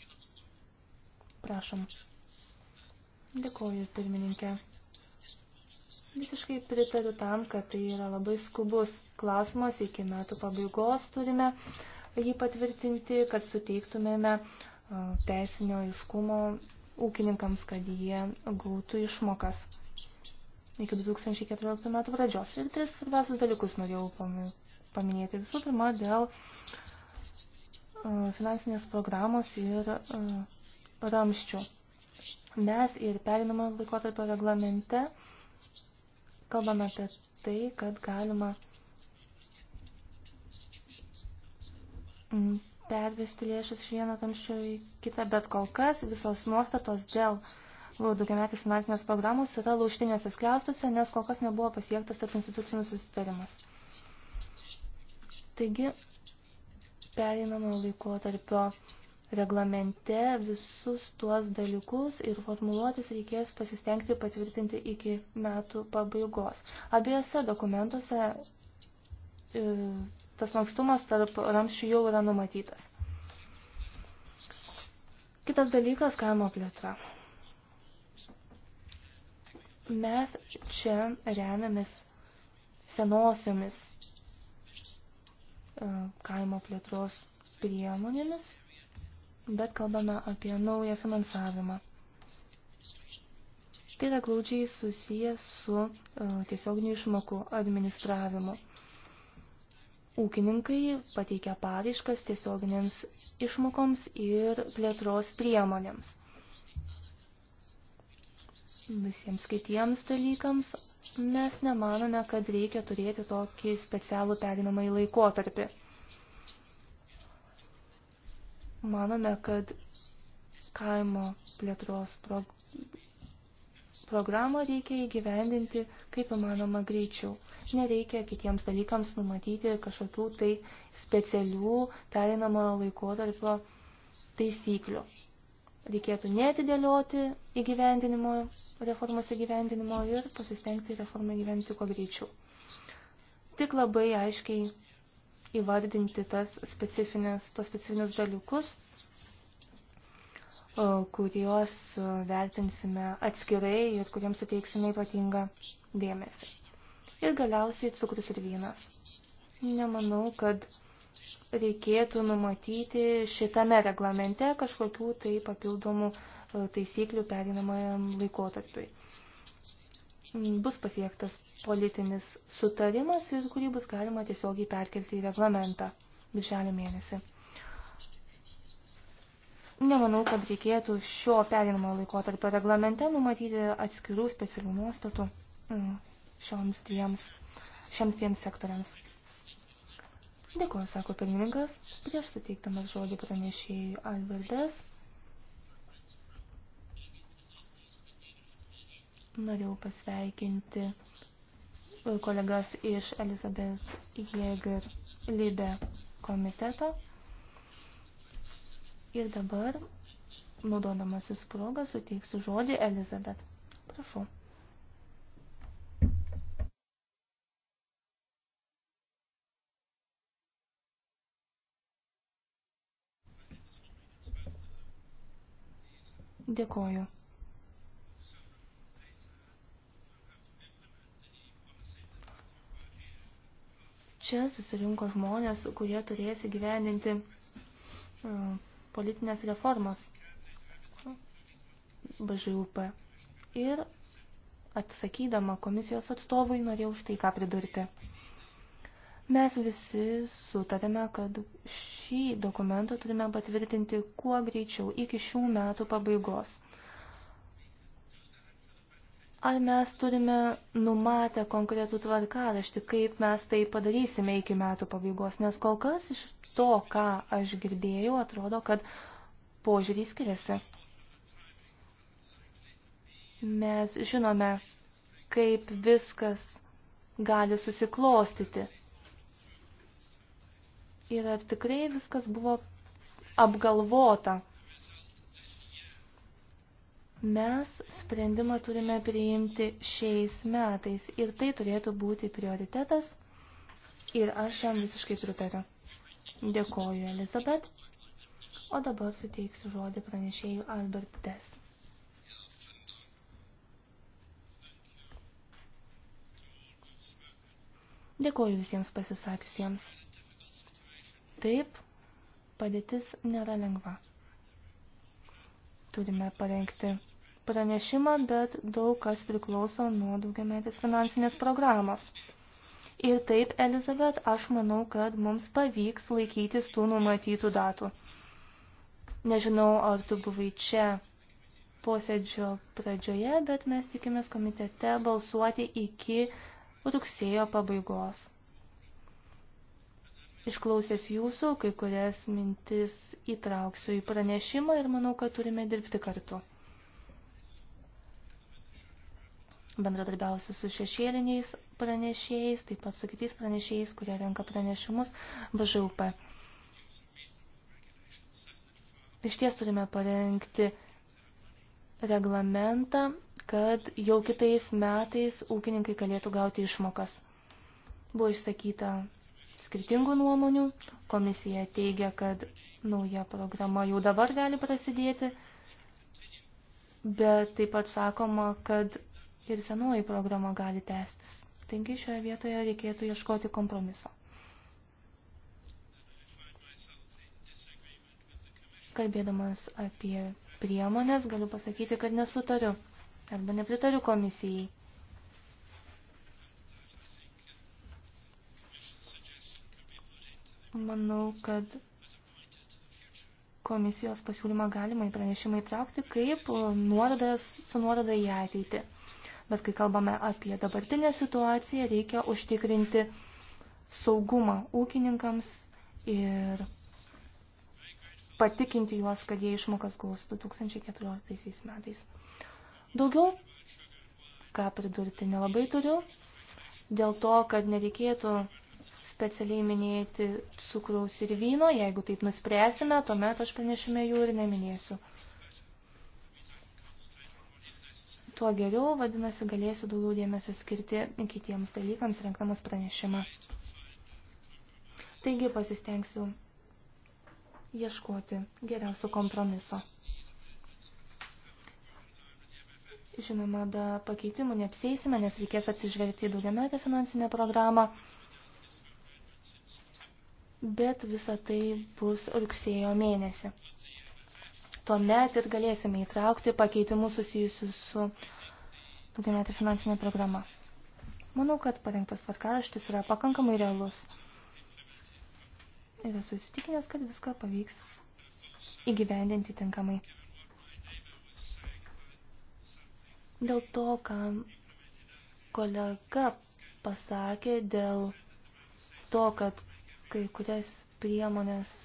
Prašom. Dėkoju, pirmininkė. Visiškai pritariu tam, kad tai yra labai skubus klausimas. Iki metų pabaigos turime jį patvirtinti, kad suteiktumėme teisinio iškumo ūkininkams, kad jie gautų išmokas iki 2014 metų pradžios. Ir tris svarbiausius dalykus norėjau paminėti. Visų pirma, dėl e, finansinės programos ir e, ramščių. Mes ir perinamo laikotarpio reglamente kalbame apie tai, kad galima pervesti lėšas iš vieno kamščio į kitą, bet kol kas visos nuostatos dėl daugiametės finansinės programos yra lauštinėse skliaustuose, nes kol kas nebuvo pasiektas tarp institucijų susitarimas. Taigi, pereinamo laikotarpio reglamente visus tuos dalykus ir formuluotis reikės pasistengti patvirtinti iki metų pabaigos. Abiejose dokumentuose e, tas lankstumas tarp ramščių jau yra numatytas. Kitas dalykas – kaimo plėtra. Mes čia remiamės senosiomis e, kaimo plėtros priemonėmis, bet kalbame apie naują finansavimą. Tai yra glaudžiai susijęs su e, tiesioginių išmokų administravimu ūkininkai pateikia paraiškas tiesioginėms išmokoms ir plėtros priemonėms. Visiems kitiems dalykams mes nemanome, kad reikia turėti tokį specialų perinamąjį laikotarpį. Manome, kad kaimo plėtros pro Programą reikia įgyvendinti kaip įmanoma greičiau. Nereikia kitiems dalykams numatyti kažkokių tai specialių pereinamojo laikotarpio taisyklių. Reikėtų neatidėlioti įgyvendinimo, reformos įgyvendinimo ir pasistengti reformą įgyvendinti kuo greičiau. Tik labai aiškiai įvardinti tas specifines, tos specifinius dalykus, kuriuos vertinsime atskirai ir kuriems suteiksime ypatingą dėmesį. Ir galiausiai cukrus ir vynas. Nemanau, kad reikėtų numatyti šitame reglamente kažkokių tai papildomų taisyklių perinamajam laikotarpiui. Bus pasiektas politinis sutarimas ir kurį bus galima tiesiogiai perkelti į reglamentą birželio mėnesį. Nemanau, kad reikėtų šio perinamo laikotarpio reglamente numatyti atskirų specialių nuostatų mm, šioms dviems, šiems dviems sektoriams. Dėkuoju, sako pirmininkas, prieš suteiktamas žodį pranešėjai Albertas. Norėjau pasveikinti kolegas iš Elizabeth Jäger Libe komiteto. Ir dabar, naudodamasis progą, suteiksiu žodį Elizabet. Prašau. Dėkoju. Čia susirinko žmonės, kurie turės įgyvendinti uh, politinės reformos BŽUP. Ir atsakydama komisijos atstovui norėjau štai ką pridurti. Mes visi sutarėme, kad šį dokumentą turime patvirtinti kuo greičiau iki šių metų pabaigos. Ar mes turime numatę konkretų tvarkaraštį, kaip mes tai padarysime iki metų pabaigos, nes kol kas iš to, ką aš girdėjau, atrodo, kad požiūrį skiriasi. Mes žinome, kaip viskas gali susiklostyti. Ir ar tikrai viskas buvo apgalvota Mes sprendimą turime priimti šiais metais ir tai turėtų būti prioritetas ir aš jam visiškai pritariu. Dėkoju, Elizabet. O dabar suteiksiu žodį pranešėjų Albert Tess. Dėkoju visiems pasisakiusiems. Taip, padėtis nėra lengva. Turime parengti pranešimą, bet daug kas priklauso nuo daugiametės finansinės programos. Ir taip, Elizabet, aš manau, kad mums pavyks laikytis tų numatytų datų. Nežinau, ar tu buvai čia posėdžio pradžioje, bet mes tikimės komitete balsuoti iki rugsėjo pabaigos. Išklausęs jūsų, kai kurias mintis įtrauksiu į pranešimą ir manau, kad turime dirbti kartu. bendradarbiausiu su šešėliniais pranešėjais, taip pat su kitais pranešėjais, kurie renka pranešimus BŽUP. Iš ties turime parengti reglamentą, kad jau kitais metais ūkininkai galėtų gauti išmokas. Buvo išsakyta skirtingų nuomonių, komisija teigia, kad nauja programa jau dabar gali prasidėti, bet taip pat sakoma, kad ir senoji programa gali tęstis. Taigi šioje vietoje reikėtų ieškoti kompromiso. Kalbėdamas apie priemonės, galiu pasakyti, kad nesutariu arba nepritariu komisijai. Manau, kad komisijos pasiūlymą galima į pranešimą įtraukti kaip nuorodas, su nuoroda į ateitį. Bet kai kalbame apie dabartinę situaciją, reikia užtikrinti saugumą ūkininkams ir patikinti juos, kad jie išmokas gaus 2014 metais. Daugiau, ką pridurti, nelabai turiu, dėl to, kad nereikėtų specialiai minėti cukraus ir vyno, jeigu taip nuspręsime, tuomet aš pranešime jų ir neminėsiu. tuo geriau, vadinasi, galėsiu daugiau dėmesio skirti kitiems dalykams, renkdamas pranešimą. Taigi pasistengsiu ieškoti geriausio kompromiso. Žinoma, be pakeitimų neapsėsime, nes reikės atsižvelgti į daugiametę finansinę programą, bet visa tai bus rugsėjo mėnesį tuomet ir galėsime įtraukti pakeitimus susijusius su daugiametė finansinė programa. Manau, kad parengtas tvarkaraštis yra pakankamai realus. Ir esu įsitikinęs, kad viską pavyks įgyvendinti tinkamai. Dėl to, ką kolega pasakė, dėl to, kad kai kurias priemonės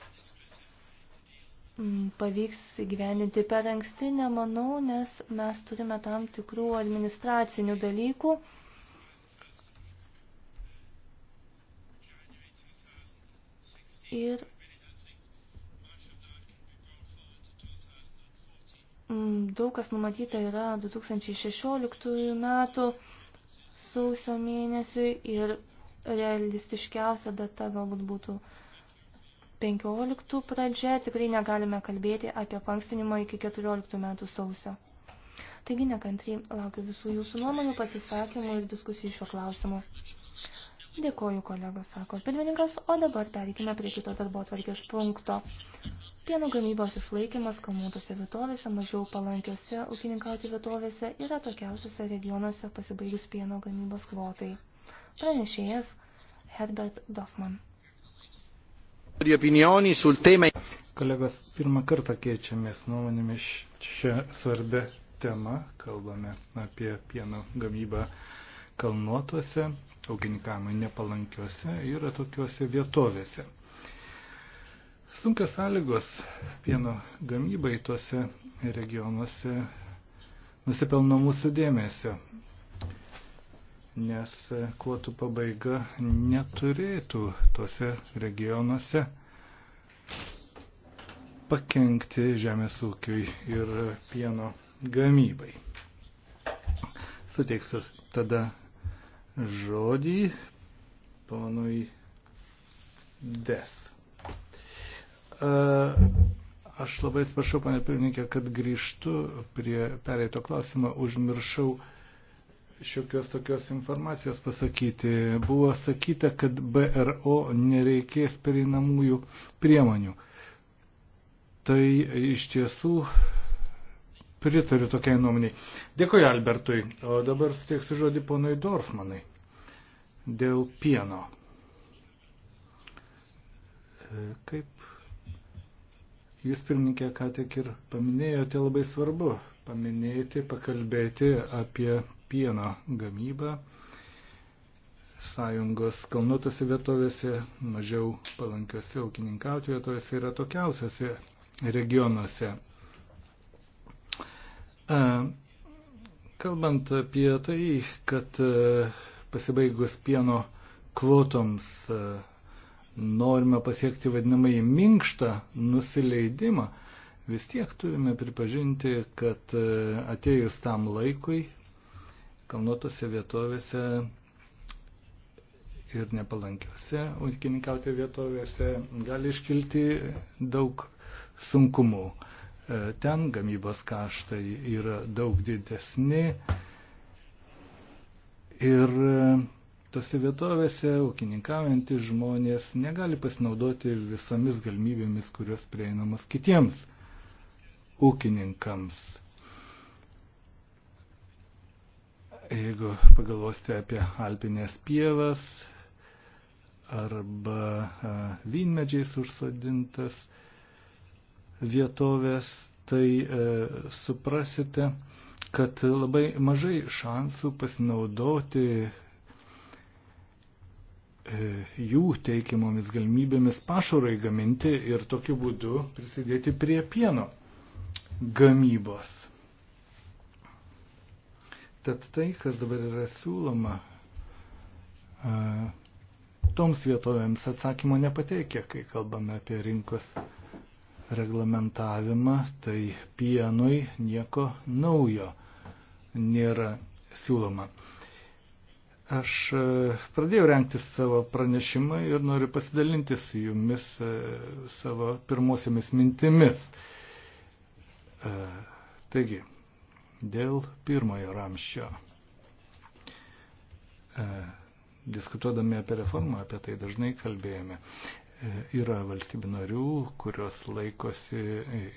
pavyks įgyvendinti per anksti, nemanau, nes mes turime tam tikrų administracinių dalykų. Ir daug kas numatyta yra 2016 metų sausio mėnesiui ir realistiškiausia data galbūt būtų 2016. 15 pradžia tikrai negalime kalbėti apie pankstinimą iki 14 metų sausio. Taigi nekantriai laukiu visų jūsų nuomonių, pasisakymų ir diskusijų šio klausimu. Dėkoju, kolegos, sako pirmininkas, o dabar pereikime prie kito darbo tvarkės punkto. Pieno gamybos išlaikymas kalnuotose vietovėse, mažiau palankiose ūkininkauti vietovėse ir atokiausiose regionuose pasibaigus pieno gamybos kvotai. Pranešėjas Herbert Doffman. Kolegos, pirmą kartą keičiamės nuomonėmis šią svarbę temą. Kalbame apie pieno gamybą kalnuotuose, augininkamai nepalankiuose ir atokiuose vietovėse. Sunkios sąlygos pieno gamybai tuose regionuose nusipelno mūsų dėmesio nes e, kuotų pabaiga neturėtų tuose regionuose pakengti žemės ūkiui ir pieno gamybai. Suteiksiu tada žodį ponui Des. E, aš labai sprašau, panė pirmininkė, kad grįžtu prie pereito klausimą, užmiršau uh, šiokios tokios informacijos pasakyti. Buvo sakyta, kad BRO nereikės pereinamųjų priemonių. Tai iš tiesų pritariu tokiai nuomoniai. Dėkoju Albertui, o dabar suteiksiu žodį ponui Dorfmanai dėl pieno. E, kaip jūs pirmininkė ką tik ir paminėjote, labai svarbu paminėti, pakalbėti apie pieno gamybą sąjungos kalnuotose vietovėse, mažiau palankiose ūkininkauti vietovėse ir atokiausiose regionuose. Kalbant apie tai, kad pasibaigus pieno kvotoms norime pasiekti vadinamai minkštą nusileidimą, vis tiek turime pripažinti, kad atėjus tam laikui kalnuotose vietovėse ir nepalankiose ūkininkauti vietovėse gali iškilti daug sunkumų. E, ten gamybos kaštai yra daug didesni ir e, tose vietovėse ūkininkaujantys žmonės negali pasinaudoti visomis galimybėmis, kurios prieinamos kitiems ūkininkams. jeigu pagalvosite apie alpinės pievas arba vynmedžiais užsodintas vietovės, tai e, suprasite, kad labai mažai šansų pasinaudoti e, jų teikiamomis galimybėmis pašarai gaminti ir tokiu būdu prisidėti prie pieno gamybos. Tad tai, kas dabar yra siūloma, toms vietovėms atsakymo nepateikia, kai kalbame apie rinkos reglamentavimą, tai pienui nieko naujo nėra siūloma. Aš pradėjau renkti savo pranešimą ir noriu pasidalinti su jumis savo pirmosiamis mintimis. Taigi, Dėl pirmojo ramščio. E, diskutuodami apie reformą, apie tai dažnai kalbėjome. E, yra valstybių narių, kurios laikosi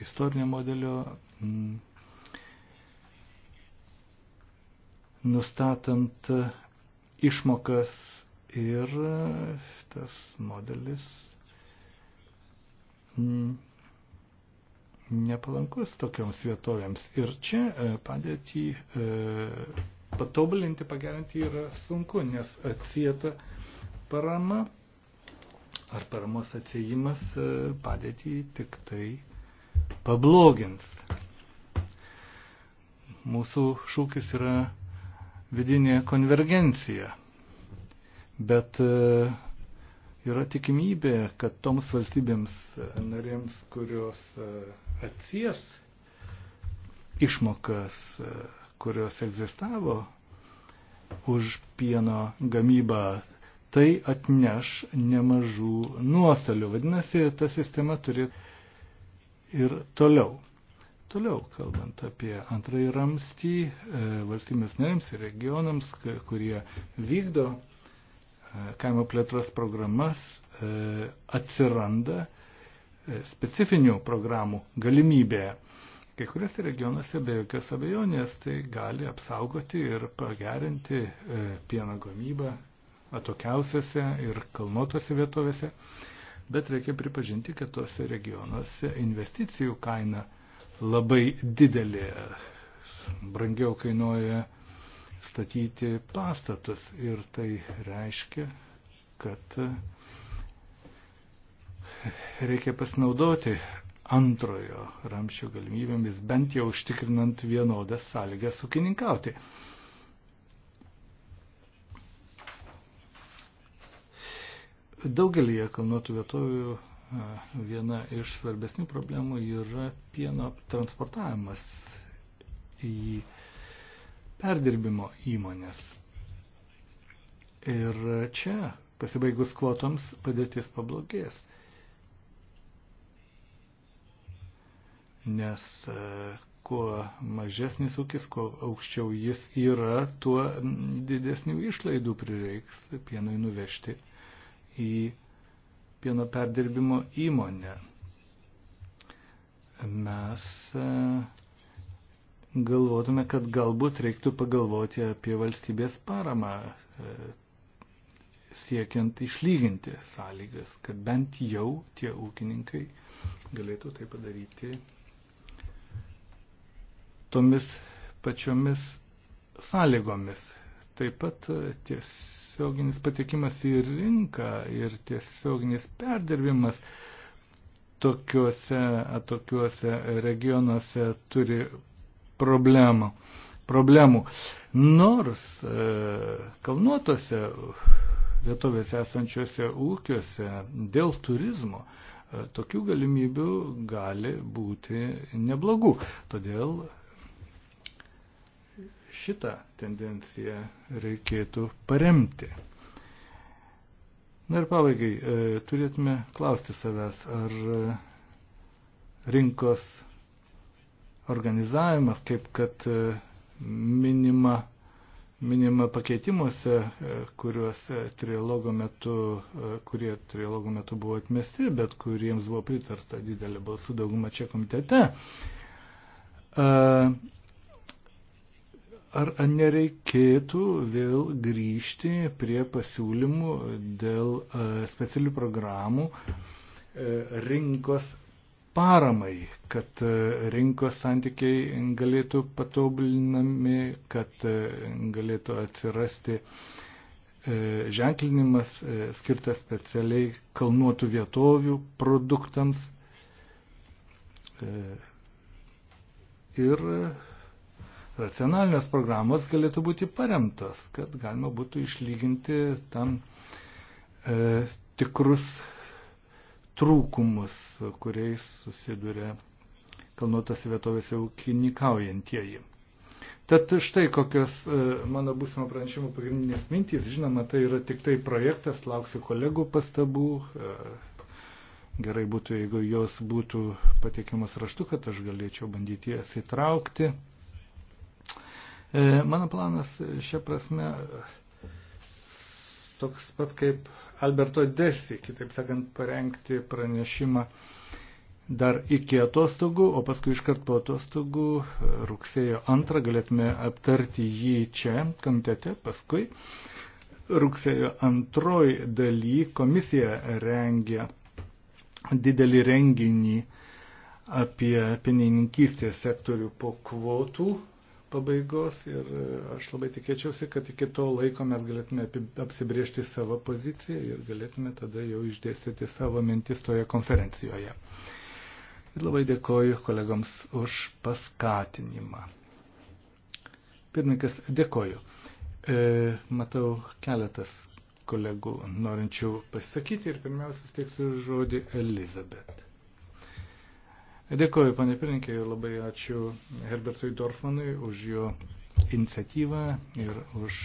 istorinio modelio, m, nustatant išmokas ir tas modelis m, nepalankus tokioms vietovėms. Ir čia e, padėtį e, patobulinti, pagerinti yra sunku, nes atsieta parama ar paramos atsiejimas e, padėtį tik tai pablogins. Mūsų šūkis yra vidinė konvergencija, bet yra tikimybė, kad toms valstybėms narėms, kurios atsies išmokas, e, kurios egzistavo už pieno gamybą, tai atneš nemažų nuostolių. Vadinasi, ta sistema turi ir toliau. Toliau, kalbant apie antrąjį ramstį, e, valstybės narėms ir regionams, kurie vykdo e, kaimo plėtros programas, atsiranda E, specifinių programų galimybė. Kai kuriuose regionuose be jokios abejonės tai gali apsaugoti ir pagerinti e, pieno gamybą atokiausiose ir kalnuotose vietovėse, bet reikia pripažinti, kad tuose regionuose investicijų kaina labai didelė, brangiau kainuoja statyti pastatus ir tai reiškia, kad uh, Reikia pasinaudoti antrojo ramščio galimybėmis, bent jau užtikrinant vienodas sąlygas ūkininkauti. Daugelį kalnuotų vietovių viena iš svarbesnių problemų yra pieno transportavimas į perdirbimo įmonės. Ir čia, pasibaigus kvotoms, padėtis pablogės. nes e, kuo mažesnis ūkis, kuo aukščiau jis yra, tuo didesnių išlaidų prireiks pienui nuvežti į pieno perdirbimo įmonę. Mes e, galvotume, kad galbūt reiktų pagalvoti apie valstybės paramą e, siekiant išlyginti sąlygas, kad bent jau tie ūkininkai galėtų tai padaryti tomis pačiomis sąlygomis. Taip pat e, tiesioginis patekimas į rinką ir tiesioginis perdirbimas tokiuose atokiuose regionuose turi problemų. problemų. Nors e, kalnuotose vietovėse esančiuose ūkiuose dėl turizmo e, tokių galimybių gali būti neblogų. Todėl šitą tendenciją reikėtų paremti. Na ir pabaigai, e, turėtume klausti savęs, ar e, rinkos organizavimas, kaip kad e, minima, minima pakeitimuose, kuriuos trilogo metu, kurie trilogo metu buvo atmesti, bet kuriems buvo pritarta didelė balsų dauguma čia komitete, ar nereikėtų vėl grįžti prie pasiūlymų dėl e, specialių programų e, rinkos paramai, kad e, rinkos santykiai galėtų patobulinami, kad galėtų atsirasti ženklinimas skirtas specialiai kalnuotų vietovių produktams ir racionalinės programos galėtų būti paremtos, kad galima būtų išlyginti tam e, tikrus trūkumus, kuriais susiduria kalnuotas vietovėse ūkininkaujantieji. Tad štai kokios e, mano būsimo pranešimo pagrindinės mintys. Žinoma, tai yra tik tai projektas, lauksiu kolegų pastabų. E, gerai būtų, jeigu jos būtų pateikiamas raštu, kad aš galėčiau bandyti jas įtraukti. E, mano planas e, šia prasme e, toks pat kaip Alberto Desi, kitaip sakant, parengti pranešimą dar iki atostogų, o paskui iškart po atostogų rugsėjo antrą galėtume aptarti jį čia komitete, paskui rugsėjo antroji daly komisija rengia didelį renginį apie pienininkystės sektorių po kvotų pabaigos ir e, aš labai tikėčiausi, kad iki to laiko mes galėtume apsibriežti savo poziciją ir galėtume tada jau išdėstyti savo mintis toje konferencijoje. Ir labai dėkoju kolegoms už paskatinimą. Pirmininkas, dėkoju. E, matau keletas kolegų norinčių pasisakyti ir pirmiausia steiksiu žodį Elizabet. Dėkoju, panė Pirinkė, labai ačiū Herbertui Dorfanui už jo iniciatyvą ir už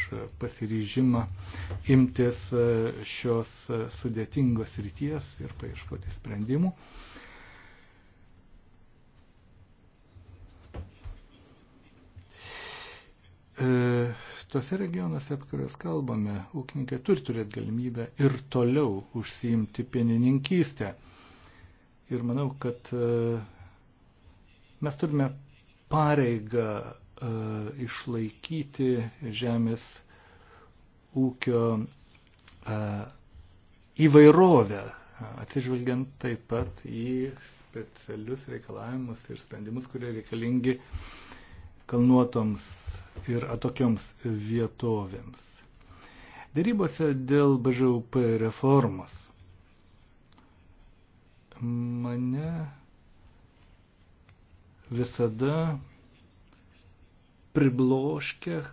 pasiryžimą imtis šios sudėtingos ryties ir paieškoti sprendimų. E, tose regionuose, apie kurias kalbame, ūkininkai turi turėti galimybę ir toliau užsiimti pienininkystę. E, Ir manau, kad e, mes turime pareigą e, išlaikyti žemės ūkio e, įvairovę, atsižvelgiant taip pat į specialius reikalavimus ir sprendimus, kurie reikalingi kalnuotoms ir atokioms vietovėms. Dėrybose dėl BŽUP reformos mane visada pribloškia e,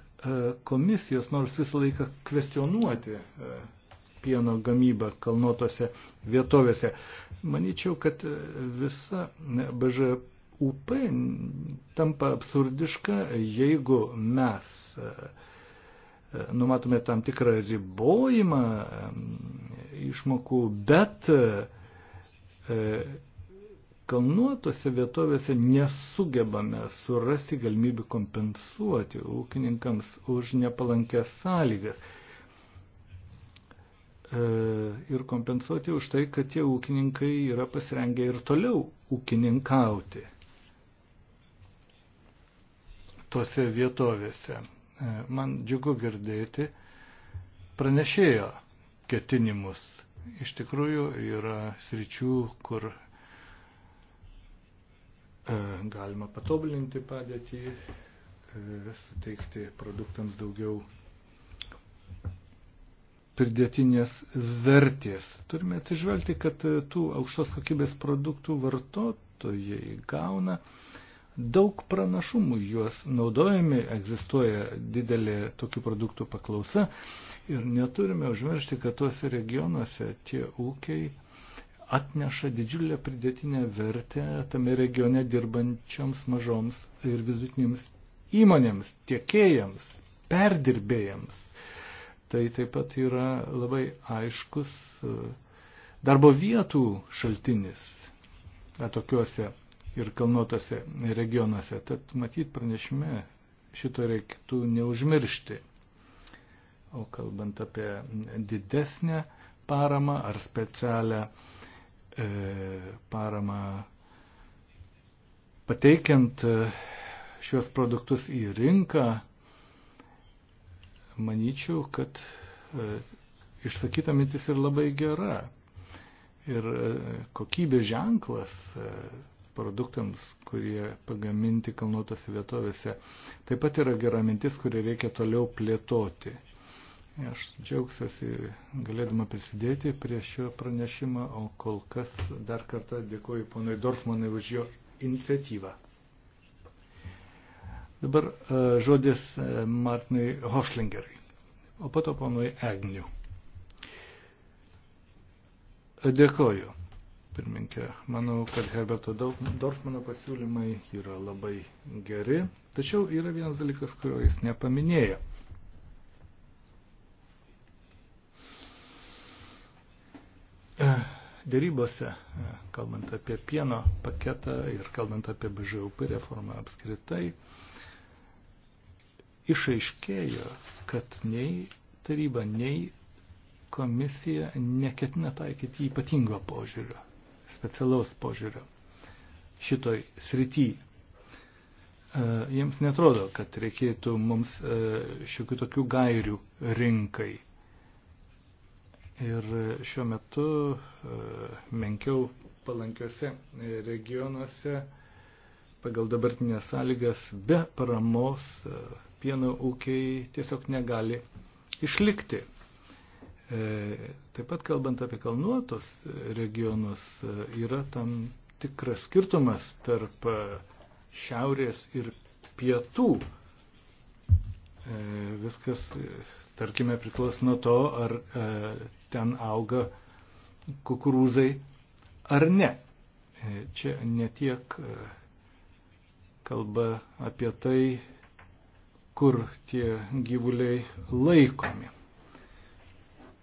komisijos, nors visą laiką kvestionuoti e, pieno gamybą kalnuotose vietovėse. Manyčiau, kad e, visa BŽUP tampa absurdiška, jeigu mes numatome tam tikrą ribojimą išmokų, bet uh, E, kalnuotose vietovėse nesugebame surasti galimybių kompensuoti ūkininkams už nepalankęs sąlygas. E, ir kompensuoti už tai, kad tie ūkininkai yra pasirengę ir toliau ūkininkauti tose vietovėse. E, man džiugu girdėti pranešėjo ketinimus Iš tikrųjų yra sričių, kur e, galima patobulinti padėtį, e, suteikti produktams daugiau pridėtinės vertės. Turime atsižvelgti, kad tų aukštos kokybės produktų vartotojai gauna uh, daug pranašumų juos naudojami, egzistuoja didelė tokių produktų paklausa ir neturime užmiršti, kad tuose regionuose tie ūkiai atneša didžiulę pridėtinę vertę tame regione dirbančioms mažoms ir vidutinėms įmonėms, tiekėjams, perdirbėjams. Tai taip pat yra labai aiškus e, darbo vietų šaltinis e, tokiuose ir kalnuotose regionuose. Tad matyt pranešime šito reiktų neužmiršti. O kalbant apie didesnę paramą ar specialią e, paramą pateikiant e, šios produktus į rinką, manyčiau, kad e, išsakyta mintis ir labai gera. Ir e, kokybės ženklas e, produktams, kurie pagaminti kalnuotose vietovėse, taip pat yra gera mintis, kurią reikia toliau plėtoti. Aš džiaugsiuosi galėdama prisidėti prie šio pranešimo, o kol kas dar kartą dėkuoju ponui Dorfmanui už jo iniciatyvą. Dabar e, žodis e, Martinui Hošlingerai, o po to ponui Egniu. Dėkoju pirminkė. Manau, kad Herberto Dorfmano pasiūlymai yra labai geri, tačiau yra vienas dalykas, kurio jis nepaminėjo. Dėrybose, kalbant apie pieno paketą ir kalbant apie BŽUP reformą apskritai, išaiškėjo, kad nei taryba, nei komisija neketina taikyti ypatingo požiūrio specialaus požiūrio šitoj srity. E, jiems netrodo, kad reikėtų mums e, šiokių tokių gairių rinkai. Ir šiuo metu e, menkiau palankiose regionuose pagal dabartinės sąlygas be paramos pieno ūkiai tiesiog negali išlikti. E, taip pat kalbant apie kalnuotus regionus, e, yra tam tikras skirtumas tarp e, šiaurės ir pietų. Viskas, tarkime, priklauso nuo to, ar ten auga kukurūzai ar ne. Čia netiek kalba apie tai, kur tie gyvuliai laikomi.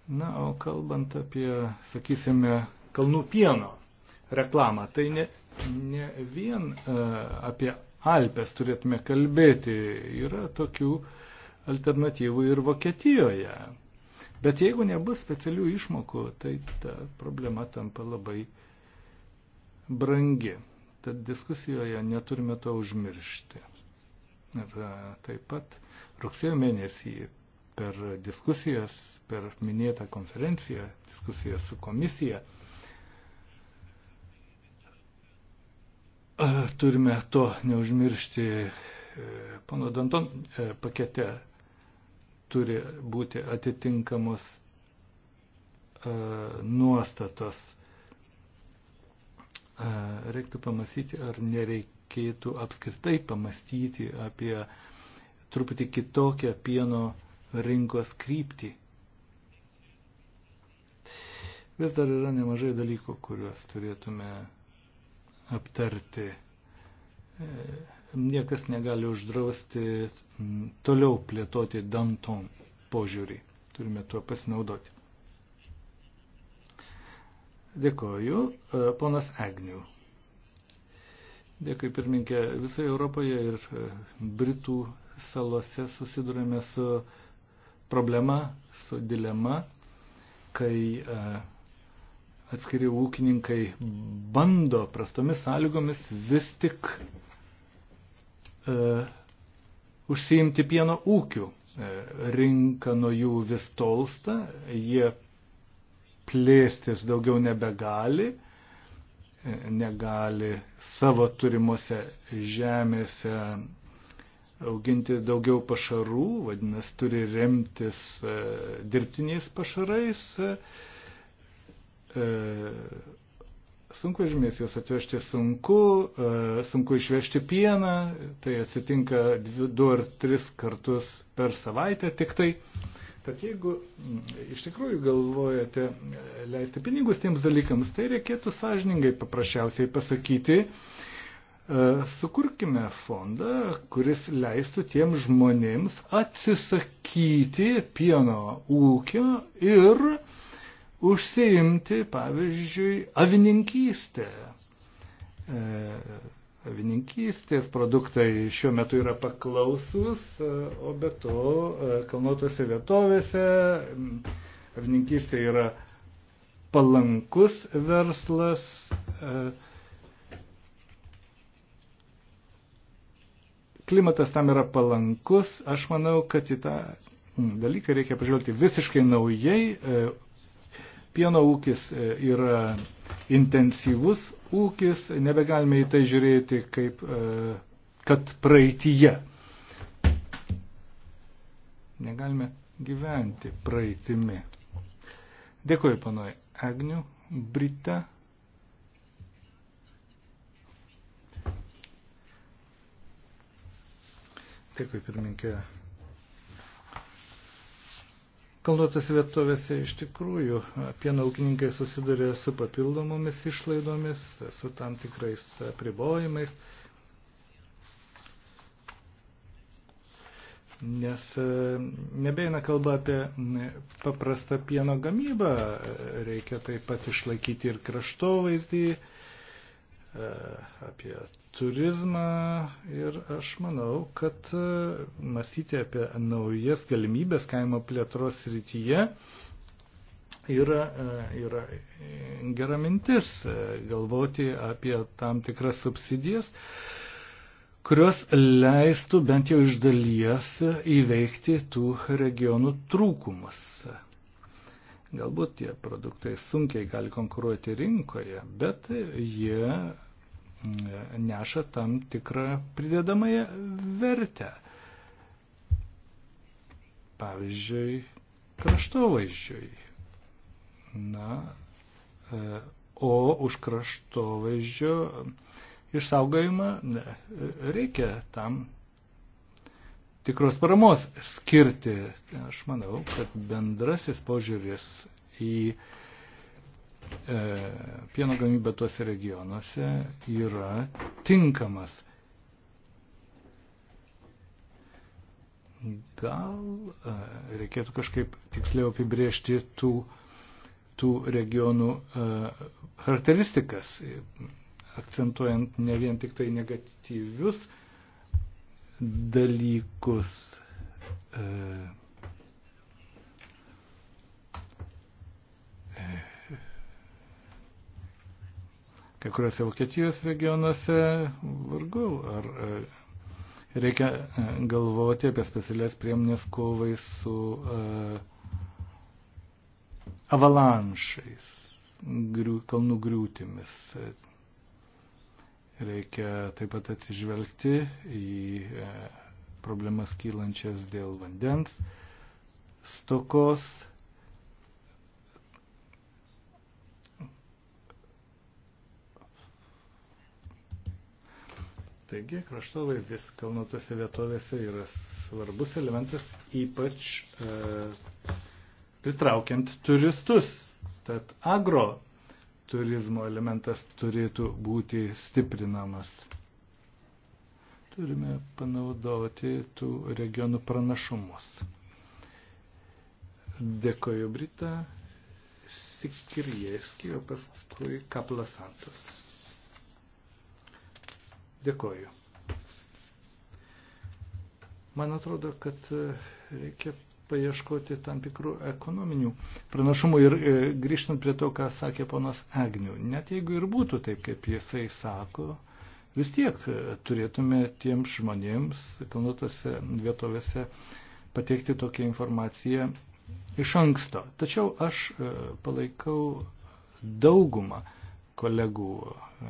Na, o kalbant apie, sakysime, kalnų pieno reklamą, tai ne, ne vien e, apie Alpes turėtume kalbėti, yra tokių alternatyvų ir Vokietijoje. Bet jeigu nebus specialių išmokų, tai ta problema tampa labai brangi. Tad diskusijoje neturime to užmiršti. Ir e, taip pat rugsėjo mėnesį per diskusijas, per minėtą konferenciją, diskusijas su komisija. Turime to neužmiršti. E, pono Danton e, pakete turi būti atitinkamos e, nuostatos. Reiktų pamastyti, ar nereikėtų apskritai pamastyti apie truputį kitokią pieno rinkos kryptį. Vis dar yra nemažai dalykų, kuriuos turėtume aptarti. E, niekas negali uždrausti toliau plėtoti Danton požiūrį. Turime tuo pasinaudoti. Dėkoju, e, ponas Agnių. Dėkui, pirminkė. Visoje Europoje ir e, Britų salose susidurime su uh, problema, su dilema, kai e, atskiri ūkininkai bando prastomis sąlygomis vis tik uh, užsiimti pieno ūkių. E, rinka nuo jų vis tolsta, jie plėstis daugiau nebegali, negali savo turimuose žemėse auginti daugiau pašarų, vadinasi, turi remtis e, dirbtiniais pašarais. E, e, Sunkvežimės juos atvežti sunku, sunku išvežti pieną, tai atsitinka du ar tris kartus per savaitę tik tai. Tad jeigu iš tikrųjų galvojate leisti pinigus tiems dalykams, tai reikėtų sąžiningai paprasčiausiai pasakyti, E, sukurkime fondą, kuris leistų tiem žmonėms atsisakyti pieno ūkio ir užsiimti, pavyzdžiui, avininkystę. E, avininkystės produktai šiuo metu yra paklausus, e, o be to kalnuotose vietovėse avininkystė yra palankus verslas. E, klimatas tam yra palankus, aš manau, kad į tą hmm, dalyką reikia pažvelgti visiškai naujai. E, pieno ūkis e, yra intensyvus ūkis, nebegalime į tai žiūrėti kaip e, kad praeitie. Negalime gyventi praeitimi. Dėkuoju, panoj Agniu, Brita. Dėkui, pirminkė. Kalnuotose vietovėse iš tikrųjų pieno ūkininkai susiduria su papildomomis išlaidomis, su tam tikrais pribojimais, nes e, nebeina kalba apie paprastą pieno gamybą, reikia taip pat išlaikyti ir kraštovaizdį, vaizdį E, apie turizmą ir aš manau, kad e, mąstyti apie naujas galimybės kaimo plėtros rytyje yra, e, yra gera mintis galvoti apie tam tikras subsidijas kurios leistų bent jau iš dalies įveikti tų regionų trūkumus. Galbūt tie produktai sunkiai gali konkuruoti rinkoje, bet jie neša tam tikrą pridedamąją vertę. Pavyzdžiui, kraštovaizdžiui. Na, e, o už kraštovaizdžio išsaugojimą reikia tam tikros paramos skirti. Aš manau, kad bendrasis požiūris į uh, E, pieno gamyba tuose regionuose yra tinkamas. Gal e, reikėtų kažkaip tiksliau apibriežti tų, tų regionų e, charakteristikas, akcentuojant ne vien tik tai negatyvius dalykus. E, e, kai kuriuose Vokietijos regionuose vargu ar e, reikia e, galvoti apie specialias priemonės kovai su e, avalanšais, grių, kalnų griūtimis. Reikia taip pat atsižvelgti į problemas kylančias dėl vandens, stokos, Taigi kraštovaizdis kalnuotose vietovėse yra svarbus elementas, ypač e, pritraukiant turistus. Tad agro turizmo elementas turėtų būti stiprinamas. Turime panaudoti tų regionų pranašumus. Dėkoju Brita Sikirieski, o paskui Kaplasantos. Dėkoju. Man atrodo, kad e, reikia paieškoti tam tikrų ekonominių pranašumų ir e, grįžtant prie to, ką sakė ponas Agnių. Net jeigu ir būtų taip, kaip jisai sako, vis tiek e, turėtume tiems žmonėms kalnuotose vietovėse pateikti tokią informaciją iš anksto. Tačiau aš e, palaikau daugumą kolegų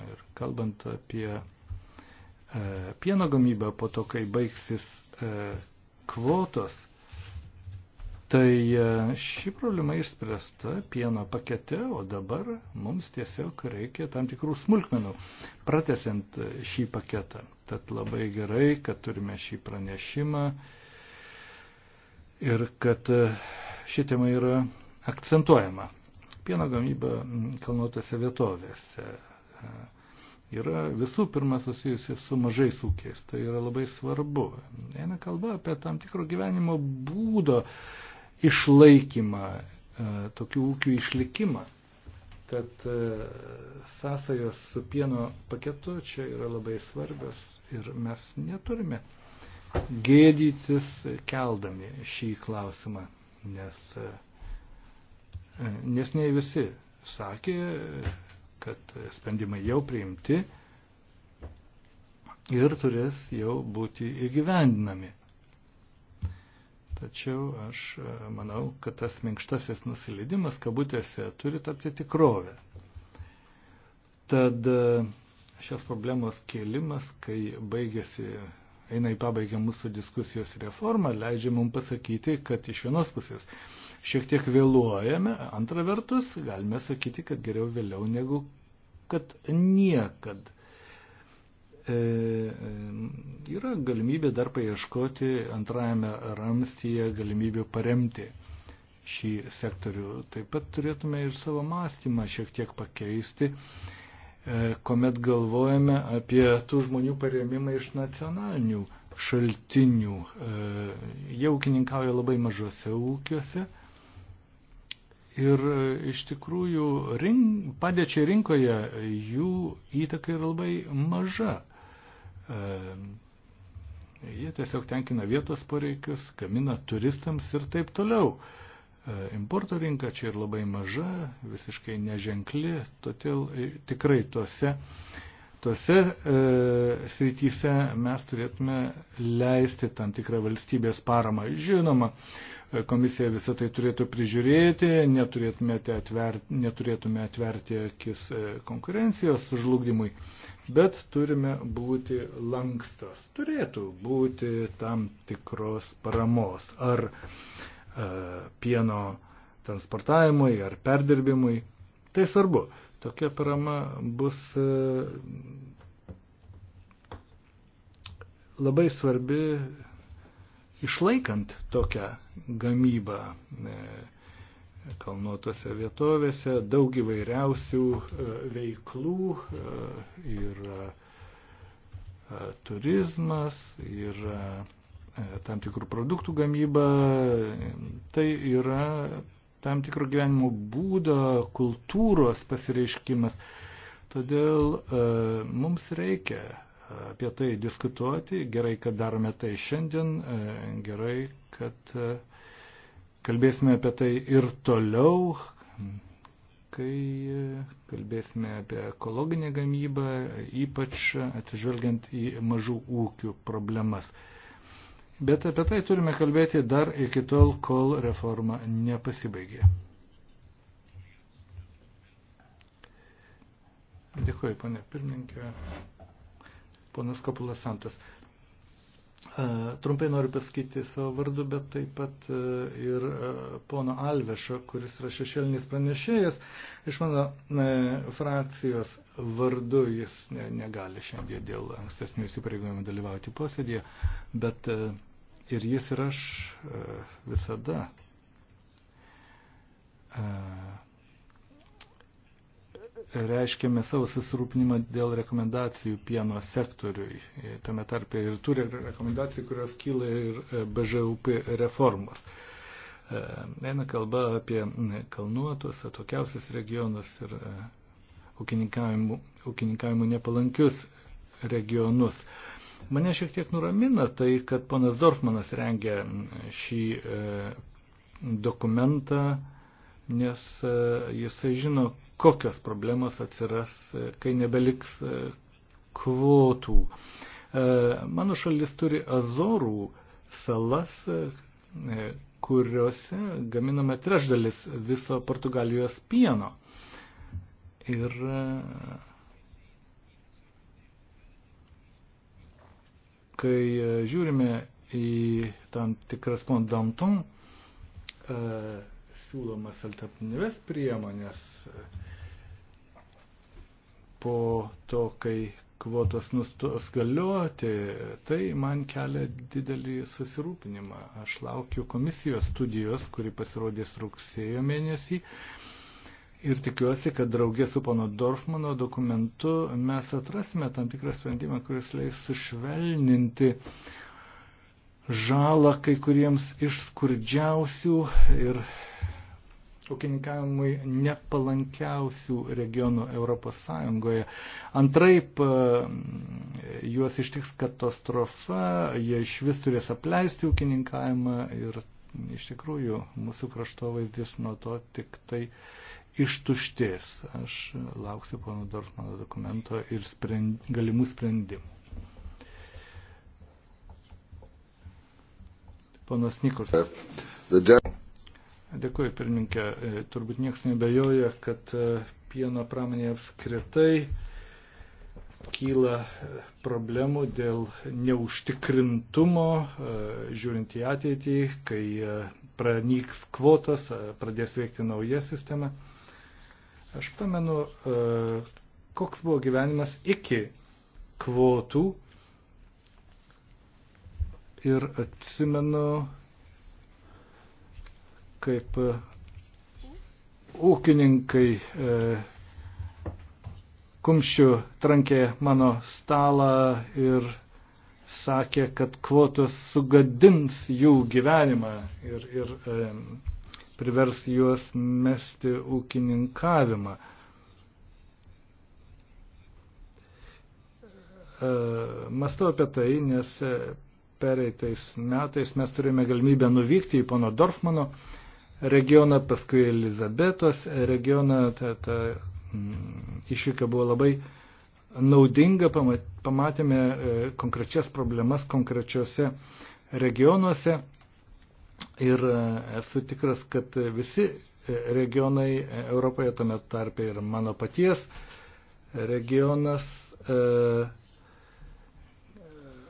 ir kalbant apie E, pieno gamybą po to, kai baigsis e, kvotos, Tai e, ši problema išspręsta pieno pakete, o dabar mums tiesiog reikia tam tikrų smulkmenų, pratesiant šį paketą. Tad labai gerai, kad turime šį pranešimą ir kad ši tema yra akcentuojama. Pieno gamyba kalnuotose vietovėse yra visų pirma susijusi su mažais ūkiais. Tai yra labai svarbu. Eina kalba apie tam tikro gyvenimo būdo išlaikymą, e, tokių ūkių išlikimą. Tad e, sąsajos su pieno paketu čia yra labai svarbios ir mes neturime gėdytis keldami šį klausimą, nes, e, nes ne visi sakė, kad sprendimai jau priimti ir turės jau būti įgyvendinami. Tačiau aš e, manau, kad tas minkštasis nusileidimas kabutėse turi tapti tikrovę. Tad e, šios problemos kėlimas, kai baigėsi, eina į pabaigą mūsų diskusijos reforma, leidžia mums pasakyti, kad iš vienos pusės šiek tiek vėluojame, antra vertus galime sakyti, kad geriau vėliau negu kad niekad. E, e, yra galimybė dar paieškoti antrajame ramstyje galimybių paremti šį sektorių. Taip pat turėtume ir savo mąstymą šiek tiek pakeisti, e, kuomet galvojame apie tų žmonių paremimą iš nacionalinių šaltinių. E, jie ūkininkauja labai mažose ūkiuose Ir e, iš tikrųjų rink, padėčiai rinkoje jų įtaka yra labai maža. E, jie tiesiog tenkina vietos poreikius, gamina turistams ir taip toliau. E, importo rinka čia ir labai maža, visiškai neženkli, todėl e, tikrai tose, tose e, srityse mes turėtume leisti tam tikrą valstybės paramą. Žinoma, e, Komisija visą tai turėtų prižiūrėti, atver, neturėtume atverti akis e, konkurencijos žlugdymui, bet turime būti lankstos. Turėtų būti tam tikros paramos ar e, pieno transportavimui ar perdirbimui. Tai svarbu. Tokia parama bus e, labai svarbi išlaikant tokią gamybą e, kalnuotose vietovėse, daug įvairiausių e, veiklų e, ir turizmas ir tam tikrų produktų gamyba, tai yra tam tikro gyvenimo būdo, kultūros pasireiškimas. Todėl mums reikia apie tai diskutuoti. Gerai, kad darome tai šiandien, e, gerai, kad e, kalbėsime apie tai ir toliau, kai e, kalbėsime apie ekologinę gamybą, ypač atsižvelgiant į mažų ūkių problemas. Bet apie tai turime kalbėti dar iki tol, kol reforma nepasibaigė. Dėkuoju, pane pirmininkė ponas Kopulas Santos. E, trumpai noriu pasakyti savo vardu, bet taip pat e, ir e, pono Alvešo, kuris yra šešėlinis pranešėjas, iš mano frakcijos vardu jis negali šiandien dėl ankstesnių įsipareigojimų dalyvauti posėdėje, bet ir jis ir aš visada reiškėme savo susirūpinimą dėl rekomendacijų pieno sektoriui, e, tame tarpe ir turi rekomendacijų, kurios kyla ir e, BŽUP reformos. E, eina kalba apie kalnuotus, atokiausius regionus ir ūkininkavimų nepalankius regionus. Mane šiek tiek nuramina tai, kad ponas Dorfmanas rengia šį dokumentą, nes jisai žino, kokios problemos atsiras, e, kai nebeliks e, kvotų. E, mano šalis turi Azorų salas, kuriuose gaminame trešdalis viso Portugalijos pieno. Ir kai žiūrime į tam tikras pondantum, siūlomas alternatyves priemonės e, po to, kai kvotos nustos galioti, tai man kelia didelį susirūpinimą. Aš laukiu komisijos studijos, kuri pasirodys rugsėjo mėnesį. Ir tikiuosi, kad draugė su pono Dorfmano dokumentu mes atrasime tam tikrą sprendimą, kuris leis sušvelninti žalą kai kuriems iš skurdžiausių ir ūkininkavimui nepalankiausių regionų ES. Antraip e, juos ištiks katastrofa, jie iš vis turės apleisti ūkininkavimą ir iš tikrųjų mūsų kraštovaizdis nuo to tik tai ištuštės. Aš lauksiu pono Dorfmano dokumento ir sprend, galimų sprendimų. Ponas Nikolas. Dėkuoju, pirmininkė. E, turbūt nieks nebejoja, kad e, pieno pramonėje apskritai kyla e, problemų dėl neužtikrintumo, žiūrint į ateitį, kai pranyks kvotas, pradės veikti nauja sistema. Aš pamenu, koks buvo gyvenimas iki kvotų ir atsimenu, kaip e, ūkininkai e, kumščių trankė mano stalą ir sakė, kad kvotos sugadins jų gyvenimą ir, ir e, privers juos mesti ūkininkavimą. E, Mastau apie tai, nes e, pereitais metais mes turėjome galimybę nuvykti į pono Dorfmano e, regioną, paskui Elizabetos regioną. Ta, ta mm, išvyka buvo labai naudinga, pamatėme e, konkrečias problemas konkrečiose regionuose ir e, esu tikras, kad visi e, regionai Europoje, tame tarpe ir mano paties regionas, e,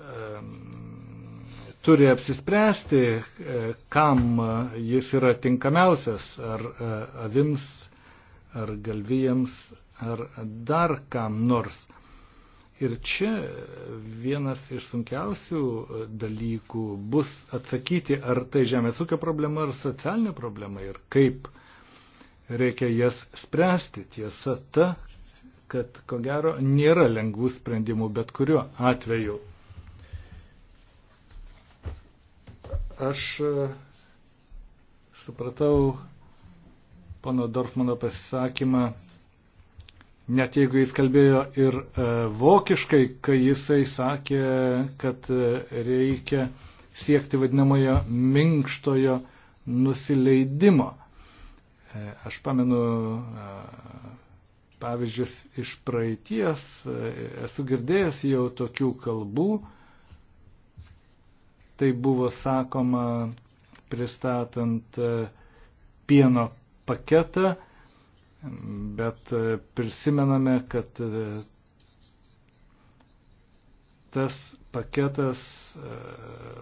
e, turi apsispręsti, e, kam e, jis yra tinkamiausias, ar e, avims, ar galvijams, ar dar kam nors. Ir čia vienas iš sunkiausių dalykų bus atsakyti, ar tai žemės ūkio problema, ar socialinė problema, ir kaip reikia jas spręsti. Tiesa ta, kad ko gero nėra lengvų sprendimų bet kuriuo atveju. Aš e, supratau pono Dorfmano pasisakymą, net jeigu jis kalbėjo ir e, vokiškai, kai jisai sakė, kad e, reikia siekti vadinamojo minkštojo nusileidimo. Aš pamenu pavyzdžius iš praeities, esu girdėjęs jau tokių kalbų, Tai buvo sakoma pristatant e, pieno paketą, bet e, prisimename, kad e, tas paketas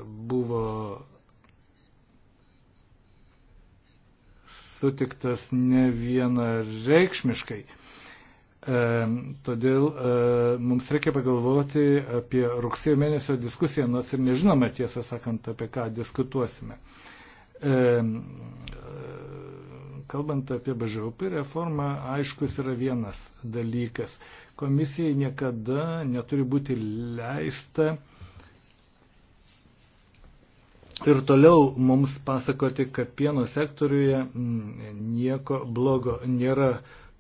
buvo sutiktas ne vienareikšmiškai. reikšmiškai. E, todėl e, mums reikia pagalvoti apie rugsėjo mėnesio diskusiją, nors ir nežinome tiesą sakant, apie ką diskutuosime. E, kalbant apie BŽUP reformą, aiškus yra vienas dalykas. Komisijai niekada neturi būti leista ir toliau mums pasakoti, kad pieno sektoriuje mm, nieko blogo nėra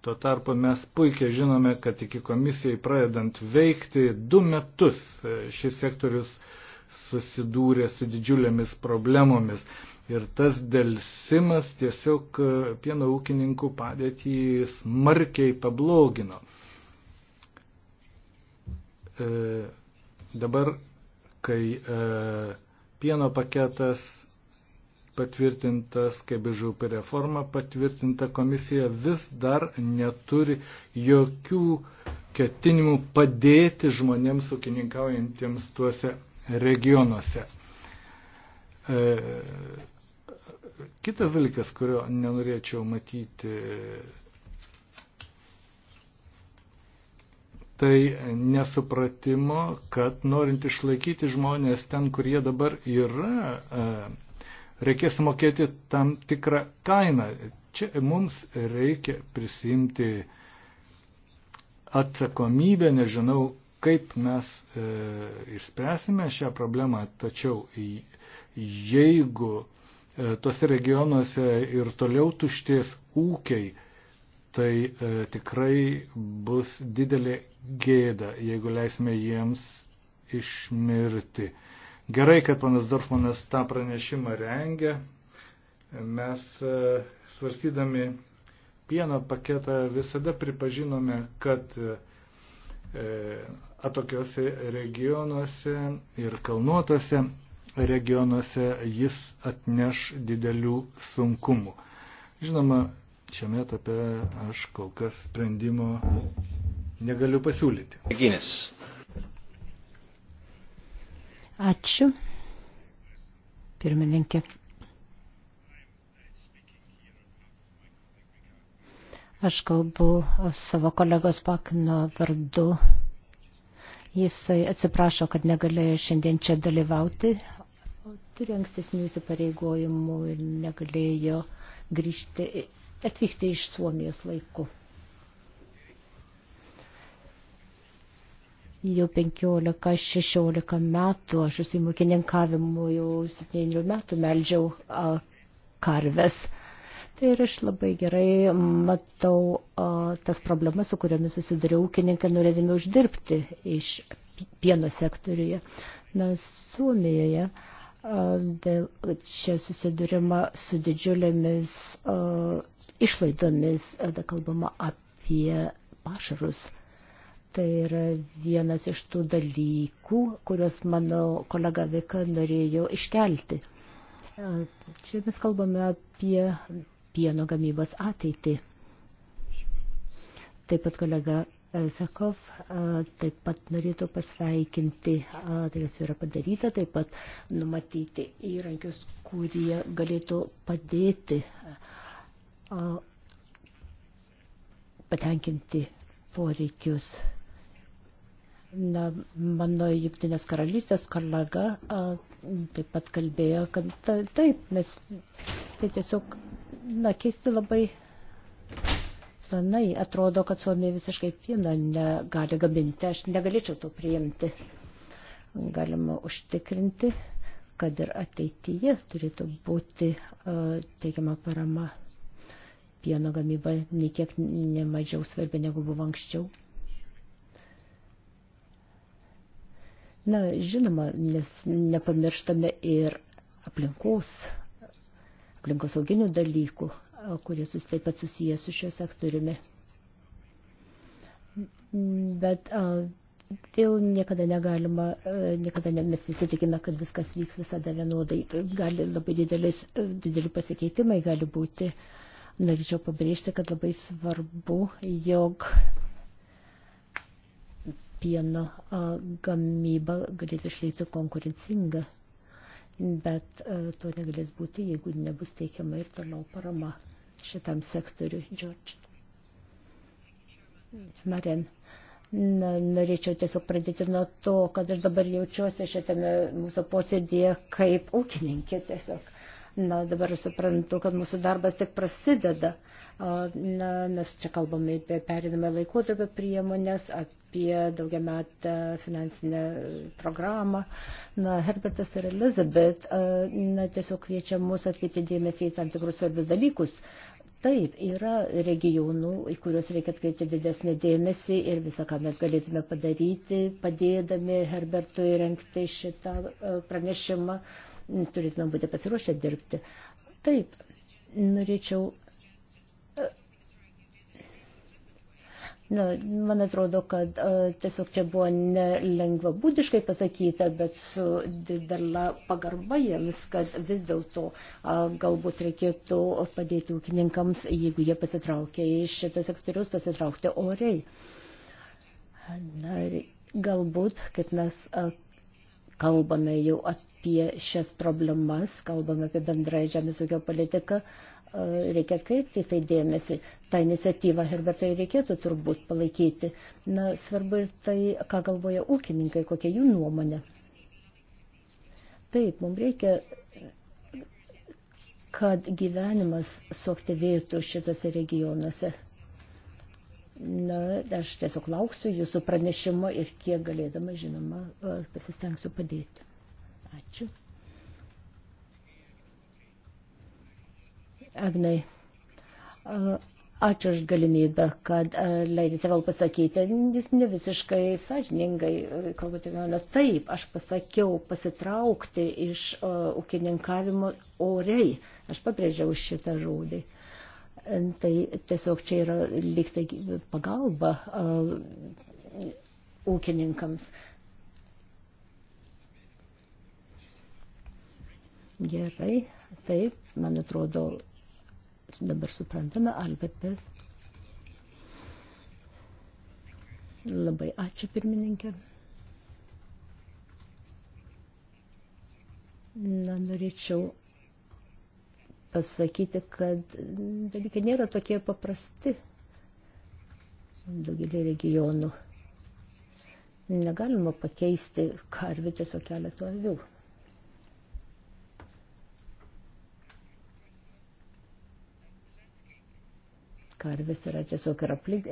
Tuo tarpu mes puikiai žinome, kad iki komisijai pradedant veikti du metus e, šis sektorius susidūrė su didžiulėmis problemomis. Ir tas dėlsimas tiesiog e, pieno ūkininkų padėtį smarkiai pablogino. E, dabar, kai e, pieno paketas patvirtintas, kaip BŽUP reforma patvirtinta, komisija vis dar neturi jokių ketinimų padėti žmonėms ūkininkaujantiems tuose regionuose. E, kitas dalykas, kurio nenorėčiau matyti, tai nesupratimo, kad norint išlaikyti žmonės ten, kur jie dabar yra, e, reikės mokėti tam tikrą kainą. Čia mums reikia prisimti atsakomybę, nežinau, kaip mes e, išspręsime šią problemą, tačiau jeigu e, tuose regionuose ir toliau tušties ūkiai, tai e, tikrai bus didelė gėda, jeigu leisime jiems išmirti. E, Gerai, kad panas Dorfmanas tą pranešimą rengia. Mes e, svarstydami pieno paketą visada pripažinome, kad e, atokiuose regionuose ir kalnuotose regionuose jis atneš didelių sunkumų. Žinoma, šiame etape aš kol kas sprendimo negaliu pasiūlyti. Ginės. Ačiū. Pirmininkė. Aš kalbu savo kolegos Pakino vardu. Jisai atsiprašo, kad negalėjo šiandien čia dalyvauti. Turi ankstesnių įsipareigojimų ir negalėjo grįžti, atvykti iš Suomijos laiku. Jau 15-16 metų aš užsiimu kininkavimu, jau 7 metų meldžiau karves. Tai ir aš labai gerai matau a, tas problemas, su kuriomis susiduria ūkininkai, norėdami uždirbti iš pieno sektoriuje. Na, Suomijoje a, dėl, čia susidurima su didžiulėmis a, išlaidomis, a, da kalbama apie pašarus. A, Tai yra vienas iš tų dalykų, kuriuos mano kolega Vika norėjo iškelti. Čia mes kalbame apie pieno gamybos ateitį. Taip pat kolega Sakov taip pat norėtų pasveikinti tai, kas yra padaryta, taip pat numatyti įrankius, kurie galėtų padėti patenkinti poreikius. Na, mano Junktinės karalystės kolega a, taip pat kalbėjo, kad ta, taip, mes tai tiesiog, na, keisti labai planai. Atrodo, kad Suomija visiškai pieną negali gaminti. Aš negalėčiau to priimti. Galima užtikrinti, kad ir ateityje turėtų būti a, teikiama parama pieno gamyba, nei kiek nemažiau svarbi negu buvo anksčiau. Na, žinoma, nes nepamirštame ir aplinkos, aplinkos auginių dalykų, kurie sus taip pat susijęs su šiuo sektoriumi. Bet a, vėl niekada negalima, niekada ne, mes nesitikime, kad viskas vyks visada vienodai. Gali labai didelis, dideli pasikeitimai gali būti. Norėčiau pabrėžti, kad labai svarbu, jog pieno gamyba galės išlikti konkurencinga, bet to negalės būti, jeigu nebus teikiama ir toliau parama šitam sektoriui. George. Maren. Na, norėčiau tiesiog pradėti nuo to, kad aš dabar jaučiuosi šitame mūsų posėdėje kaip ūkininkė tiesiog. Na, dabar suprantu, kad mūsų darbas tik prasideda. Na, mes čia kalbame apie perinamą laikotarpio priemonės, apie daugiametę finansinę programą. Na, Herbertas ir Elizabeth, na, tiesiog kviečia mus atkreipti dėmesį į tam tikrus svarbius dalykus. Taip, yra regionų, į kuriuos reikia atkreipti didesnį dėmesį ir visą, ką mes galėtume padaryti, padėdami Herbertui renkti šitą pranešimą. Uh, turėtume būti pasiruošę dirbti. Taip, norėčiau. Na, man atrodo, kad a, tiesiog čia buvo nelengva būdiškai pasakyta, bet su didelė pagarba jiems, kad vis dėlto galbūt reikėtų padėti ūkininkams, jeigu jie pasitraukia iš šito sektoriaus, pasitraukti oriai. Na, galbūt, kaip mes kalbame jau apie šias problemas, kalbame apie bendrąją žemės ūkio politiką, e, reikia atkreipti į tai dėmesį. Ta iniciatyva, Herbertai, reikėtų turbūt palaikyti. Na, svarbu ir tai, ką galvoja ūkininkai, kokia jų nuomonė. Taip, mums reikia kad gyvenimas suaktyvėtų šitose regionuose. Na, aš tiesiog lauksiu jūsų pranešimo ir kiek galėdama, žinoma, pasistengsiu padėti. Ačiū. Agnai, ačiū už galimybę, kad leidėte vėl pasakyti. Jūs ne visiškai sąžiningai kalbate vieną. Taip, aš pasakiau pasitraukti iš ūkininkavimo oriai. Aš pabrėžiau šitą žodį. Uh, Tai tiesiog čia yra liktai pagalba ūkininkams. Gerai, taip, man atrodo, dabar suprantame, Albertas. Labai ačiū pirmininkė. Na, norėčiau pasakyti, kad dalykai nėra tokie paprasti daugelį regionų. Negalima pakeisti karvių tiesiog keletų avių. Karvės yra tiesiog ir aplink,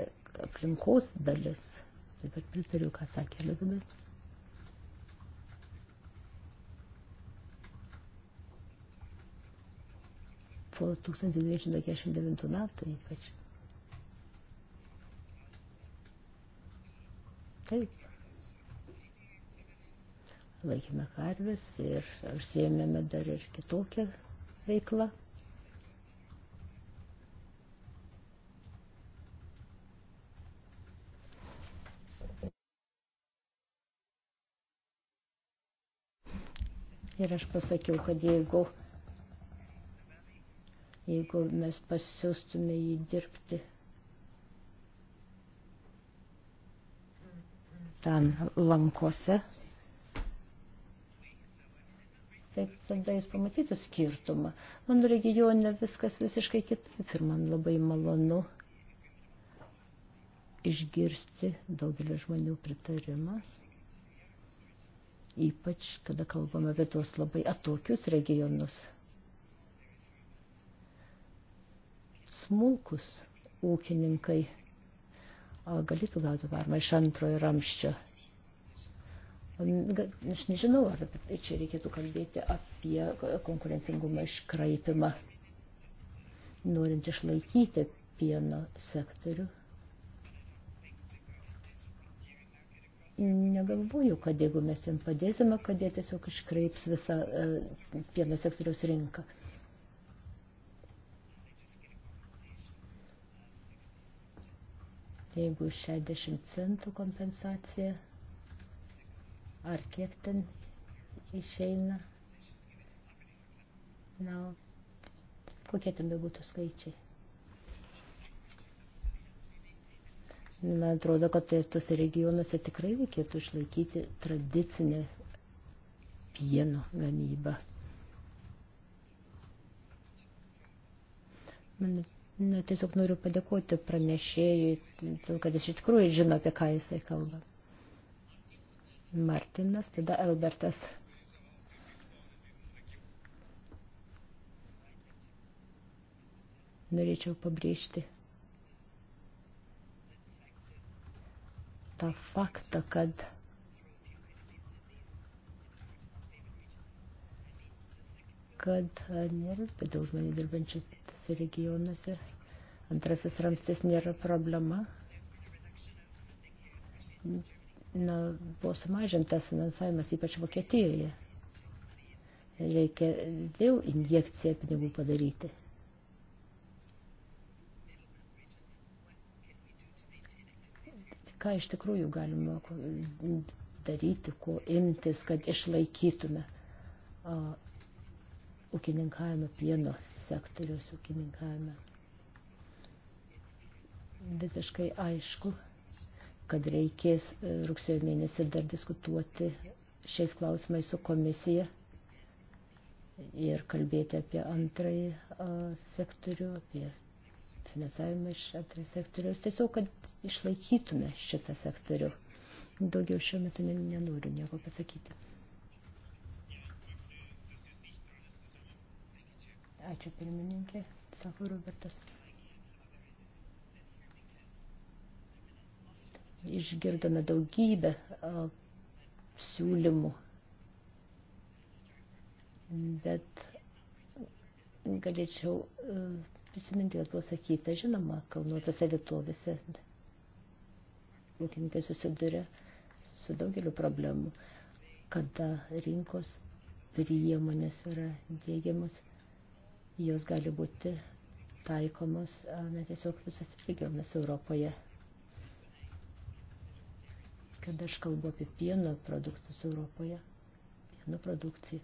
aplinkos dalis. Taip pat pritariu, ką sakė Elizabeth. po 1949 metų ypač. Taip. Laikėme karves ir užsiemėme dar ir kitokią veiklą. Ir aš pasakiau, kad jeigu jeigu mes pasiūstume jį dirbti ten lankose. Tai tada jis pamatytų skirtumą. Mano regione viskas visiškai kitaip ir man labai malonu išgirsti daugelio žmonių pritarimą. Ypač, kada kalbame apie tuos labai atokius regionus. smulkus ūkininkai galėtų gauti paramą iš antrojo ramščio. Aš nežinau, ar tai čia reikėtų kalbėti apie konkurencingumą iškraipimą, norint išlaikyti pieno sektorių. Negalvoju, kad jeigu mes jiems padėsime, kad jie tiesiog iškreips visą e, pieno sektoriaus rinką. jeigu 60 centų kompensacija, ar kiek ten išeina, na, kokie ten bebūtų skaičiai. Man atrodo, kad tai tuose regionuose tikrai reikėtų išlaikyti tradicinę pieno gamybą. Man Na, tiesiog noriu padėkoti pranešėjui, kad jis iš tikrųjų žino, apie ką jisai kalba. Martinas, tada Albertas. Norėčiau pabrėžti tą faktą, kad kad e, nėra per daug žmonių dirbančių tose regionuose. Antrasis ramstis nėra problema. Na, buvo sumažintas finansavimas, ypač Vokietijoje. Reikia vėl injekciją pinigų padaryti. Ką iš tikrųjų galima daryti, ko imtis, kad išlaikytume ūkininkavimą, pieno sektoriaus ūkininkavimą. Visiškai aišku, kad reikės e, rugsėjo mėnesį dar diskutuoti šiais klausimais su komisija ir kalbėti apie antrąjį sektorių, apie finansavimą iš antrąjį sektorių, tiesiog, kad išlaikytume šitą sektorių. Daugiau šiuo metu nenoriu nieko pasakyti. Ačiū pirmininkė, sako Robertas. Išgirdome daugybę a, siūlymų, bet galėčiau a, prisiminti, kad buvo sakyta, žinoma, kalnuotose vietovėse ūkininkai susiduria su daugeliu problemų, kada rinkos priemonės yra dėgiamas jos gali būti taikomos ne tiesiog visas regionas Europoje. Kada aš kalbu apie pieno produktus Europoje, pieno produkciją,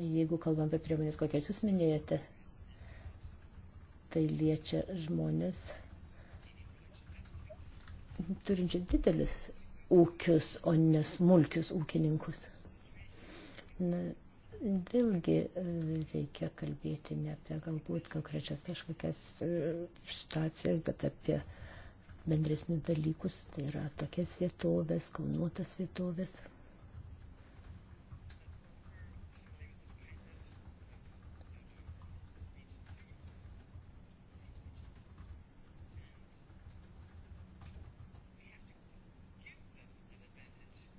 jeigu kalbam apie priemonės, kokias jūs minėjote, tai liečia žmonės turinčių didelis ūkius, o nesmulkius ūkininkus. Na, vėlgi e, reikia kalbėti ne apie galbūt konkrečias kažkokias e, situacijas, bet apie bendresnius dalykus, tai yra tokias vietovės, kalnuotas vietovės.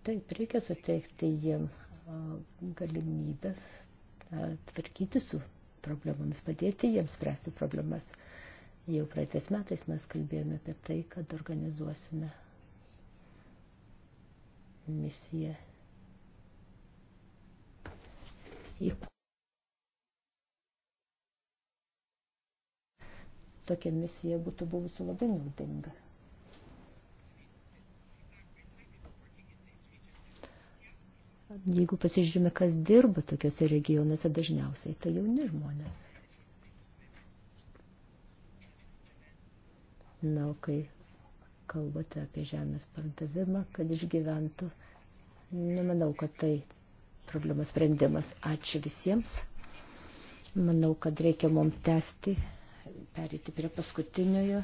Taip, reikia suteikti jiem galimybę tvarkyti su problemomis, padėti jiems spręsti problemas. Jau praeitais metais mes kalbėjome apie tai, kad organizuosime misiją į tokia misija būtų buvusi labai naudinga. jeigu pasižiūrime, kas dirba tokiuose regionuose, dažniausiai tai jauni žmonės. Na, o kai kalbate apie žemės pardavimą, kad išgyventų, nemanau, kad tai problemos sprendimas. Ačiū visiems. Manau, kad reikia mum tęsti, perėti prie paskutiniojo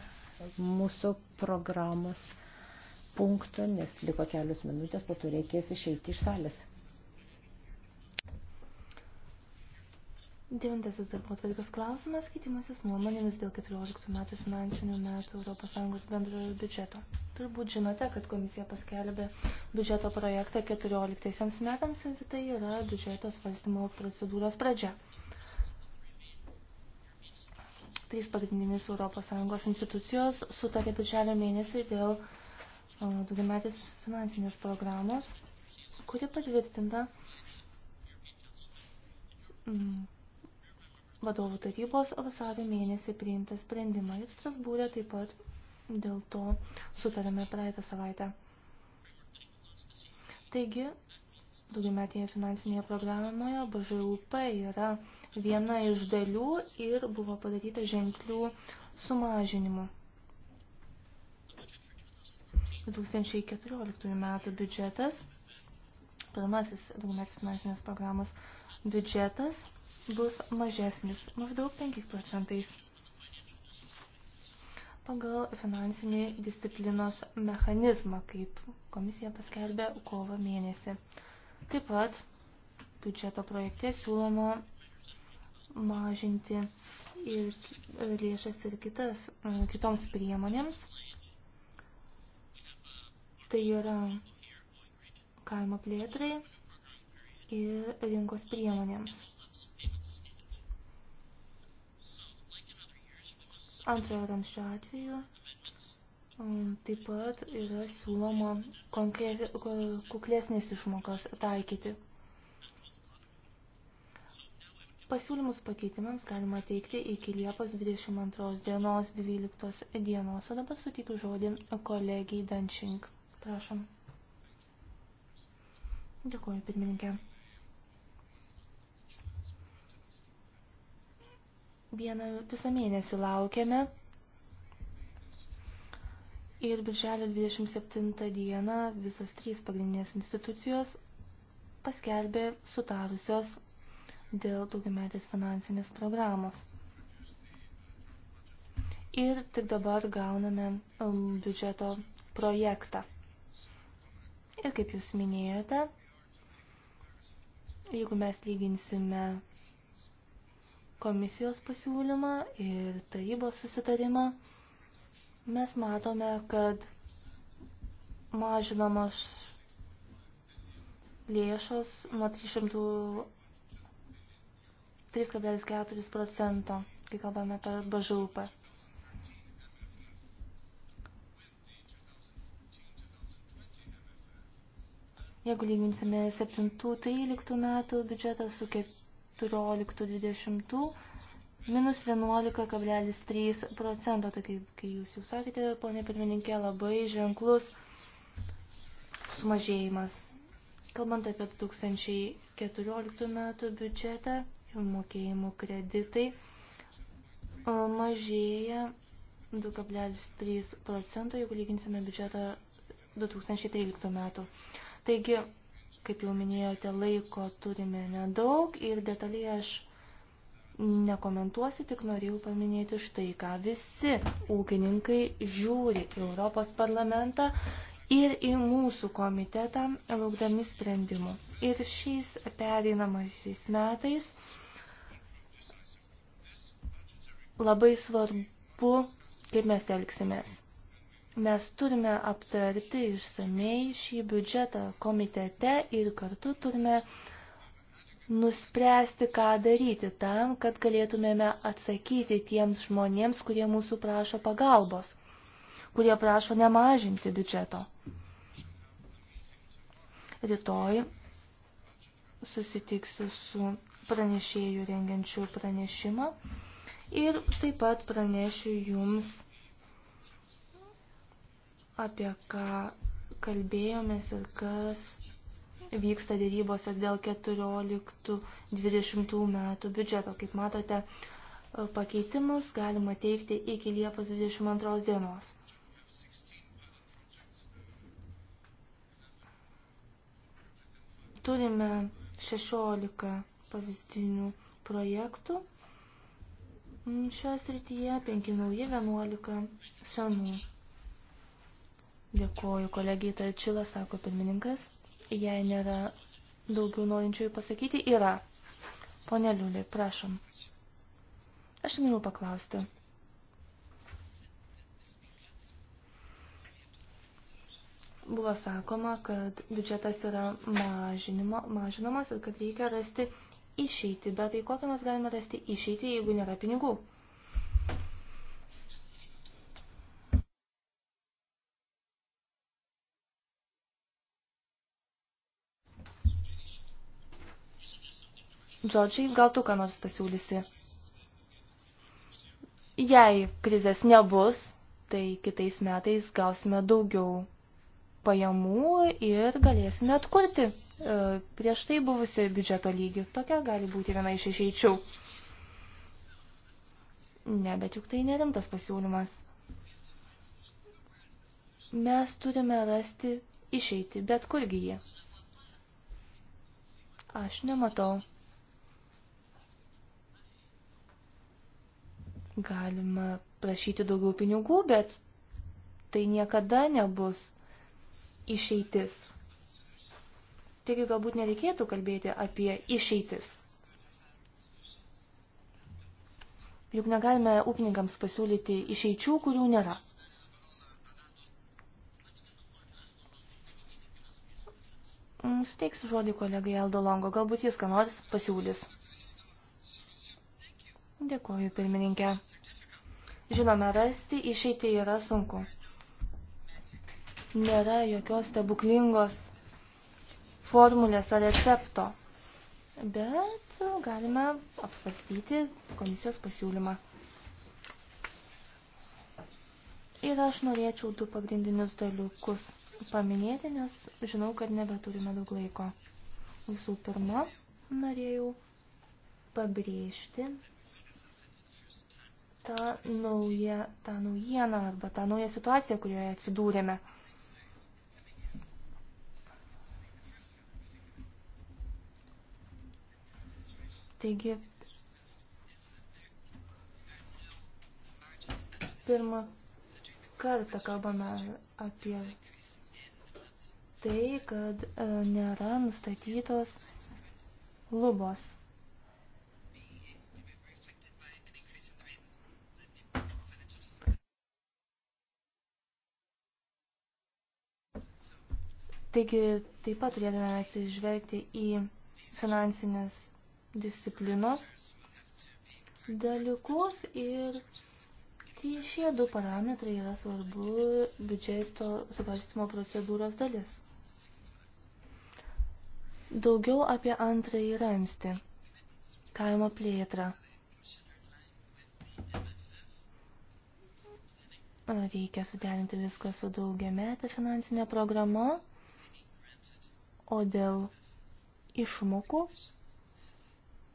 mūsų programos punkto, nes liko kelios minutės, po to reikės išeiti iš salės. Devintasis darbo atvarkos klausimas – keitimasis nuomonėmis dėl 14 metų finansinių metų ES bendrojo biudžeto. Turbūt žinote, kad komisija paskelbė biudžeto projektą 14 metams ir tai yra biudžeto svarstymo procedūros pradžia. Trys pagrindinės ES institucijos sutarė birželio mėnesį dėl daugiametės finansinės programos, kuri patvirtinta vadovų tarybos vasario mėnesį priimtą sprendimą. Ir Strasbūrė taip pat dėl to sutarėme praeitą savaitę. Taigi, daugiametėje finansinėje programoje BŽUP yra viena iš dalių ir buvo padaryta ženklių sumažinimų. 2014 metų biudžetas, pirmasis daugiametės finansinės programos biudžetas bus mažesnis, maždaug 5 procentais. Pagal finansinį disciplinos mechanizmą, kaip komisija paskelbė kovo mėnesį. Taip pat biudžeto projekte siūloma mažinti ir lėšas ir kitas, kitoms priemonėms. Tai yra kaimo plėtrai ir rinkos priemonėms. Antrojo ramščio atveju um, taip pat yra siūloma kuklesnės išmokas taikyti. Pasiūlymus pakeitimams galima teikti iki Liepos 22 dienos 12 dienos. O dabar suteikiu žodį kolegijai Dančink. Prašom. Dėkuoju, pirmininkė. Vieną visą mėnesį laukėme ir birželio 27 dieną visos trys pagrindinės institucijos paskelbė sutarusios dėl daugiametės finansinės programos. Ir tik dabar gauname um, biudžeto projektą. Ir kaip jūs minėjote, jeigu mes lyginsime komisijos pasiūlymą ir tarybos susitarimą, mes matome, kad mažinamos lėšos nuo 3,4 procento, kai kalbame apie bažaupą. Jeigu lyginsime 7-13 metų biudžetą su 14-20 minus 11,3 procento, tai kaip kai jūs jau sakėte, ponė pirmininkė, labai ženklus sumažėjimas. Kalbant apie 2014 metų biudžetą, mokėjimų kreditai mažėja 2,3 procento, jeigu lyginsime biudžetą 2013 metų. Taigi, Kaip jau minėjote, laiko turime nedaug ir detaliai aš nekomentuosiu, tik norėjau paminėti štai ką. Visi ūkininkai žiūri Europos parlamentą ir į mūsų komitetą laukdami sprendimų. Ir šiais pereinamaisiais metais labai svarbu, kaip mes elgsimės. Mes turime aptarti išsamei šį biudžetą komitete ir kartu turime nuspręsti, ką daryti tam, kad galėtumėme atsakyti tiems žmonėms, kurie mūsų prašo pagalbos, kurie prašo nemažinti biudžeto. Rytoj susitiksiu su pranešėjų rengiančių pranešimą ir taip pat pranešiu jums apie ką kalbėjomės ir kas vyksta dėrybose dėl 14-20 metų biudžeto. Kaip matote, pakeitimus galima teikti iki Liepos 22 dienos. Turime 16 pavyzdinių projektų. Šioje srityje 5 nauji, 11 senų. Dėkuoju kolegijai Tarčilą, sako pirmininkas. Jei nėra daugiau norinčiųjų pasakyti, yra. Pone Liulė, prašom. Aš norėjau paklausti. Buvo sakoma, kad biudžetas yra mažinima, mažinamas ir kad reikia rasti išeitį, bet tai kokią mes galime rasti išeitį, jeigu nėra pinigų? Džordžiai, gal tu ką nors pasiūlysi? Jei krizės nebus, tai kitais metais gausime daugiau pajamų ir galėsime atkurti e, prieš tai buvusi biudžeto lygį. Tokia gali būti viena iš išeičių. Ne, bet juk tai nerimtas pasiūlymas. Mes turime rasti išeiti, bet kurgi jie. Aš nematau. Galima prašyti daugiau pinigų, bet tai niekada nebus išeitis. Taigi galbūt nereikėtų kalbėti apie išeitis. Juk negalime ūkininkams pasiūlyti išeičių, kurių nėra. Mm, Steiksiu žodį kolegai Aldo Longo, galbūt jis ką nors pasiūlys. Dėkuoju, pirmininkė. Žinome, rasti išeitį yra sunku. Nėra jokios stebuklingos formulės ar recepto, bet galime apsvarstyti komisijos pasiūlymą. Ir aš norėčiau du pagrindinius dalykus paminėti, nes žinau, kad nebeturime daug laiko. Visų pirma, norėjau pabrėžti tą naują, tą naujieną arba tą naują situaciją, kurioje atsidūrėme. Taigi, pirmą kartą kalbame apie tai, kad e, nėra nustatytos lubos Taigi taip pat turėtume atsižvelgti į finansinės disciplinos dalykus ir tai šie du parametrai yra svarbu biudžeto supastymo procedūros dalis. Daugiau apie antrąjį ramstį – kaimo plėtrą. Reikia suderinti viską su daugiametė finansinė programa – O dėl išmokų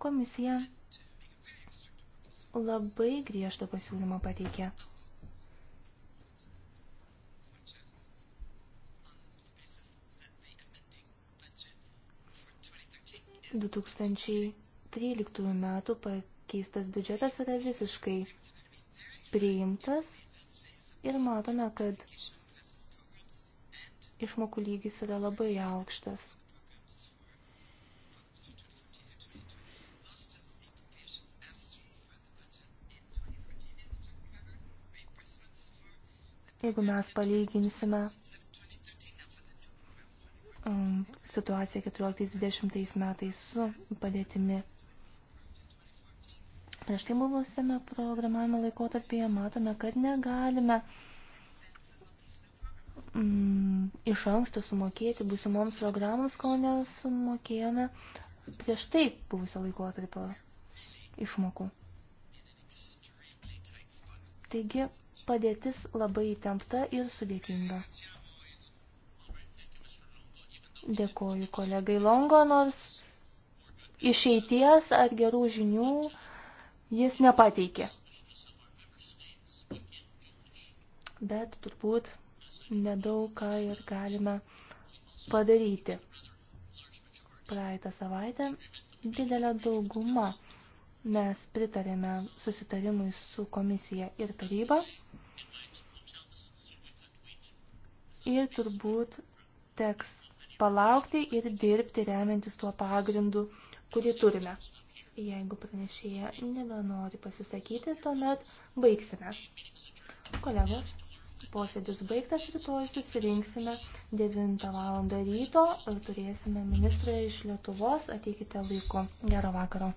komisija labai griežtą pasiūlymą pateikė. Du tūkstančiai 2013 metų pakeistas biudžetas yra visiškai priimtas ir matome, kad išmokų lygis yra labai aukštas. Jeigu mes palyginsime um, situaciją 14-20 metais su padėtimi prieš tai buvusiame programavimo laikotarpyje matome, kad negalime uh, mm, iš anksto sumokėti būsimoms programoms, ko nesumokėjome prieš tai buvusio laikotarpio išmokų. Taigi padėtis labai įtempta ir sudėtinga. Dėkoju kolegai Longo, nors išeities ar gerų žinių jis nepateikė. Bet turbūt nedaug ką ir galime padaryti. Praeitą savaitę didelė dauguma mes pritarėme susitarimui su komisija ir taryba. Ir turbūt teks palaukti ir dirbti remiantis tuo pagrindu, kurį turime. Jeigu pranešėja nebenori pasisakyti, tuomet baigsime. Kolegos. Posėdis baigtas rytoj, susirinksime 9 val. ryto, turėsime ministrą iš Lietuvos, ateikite laiku. Gero vakaro.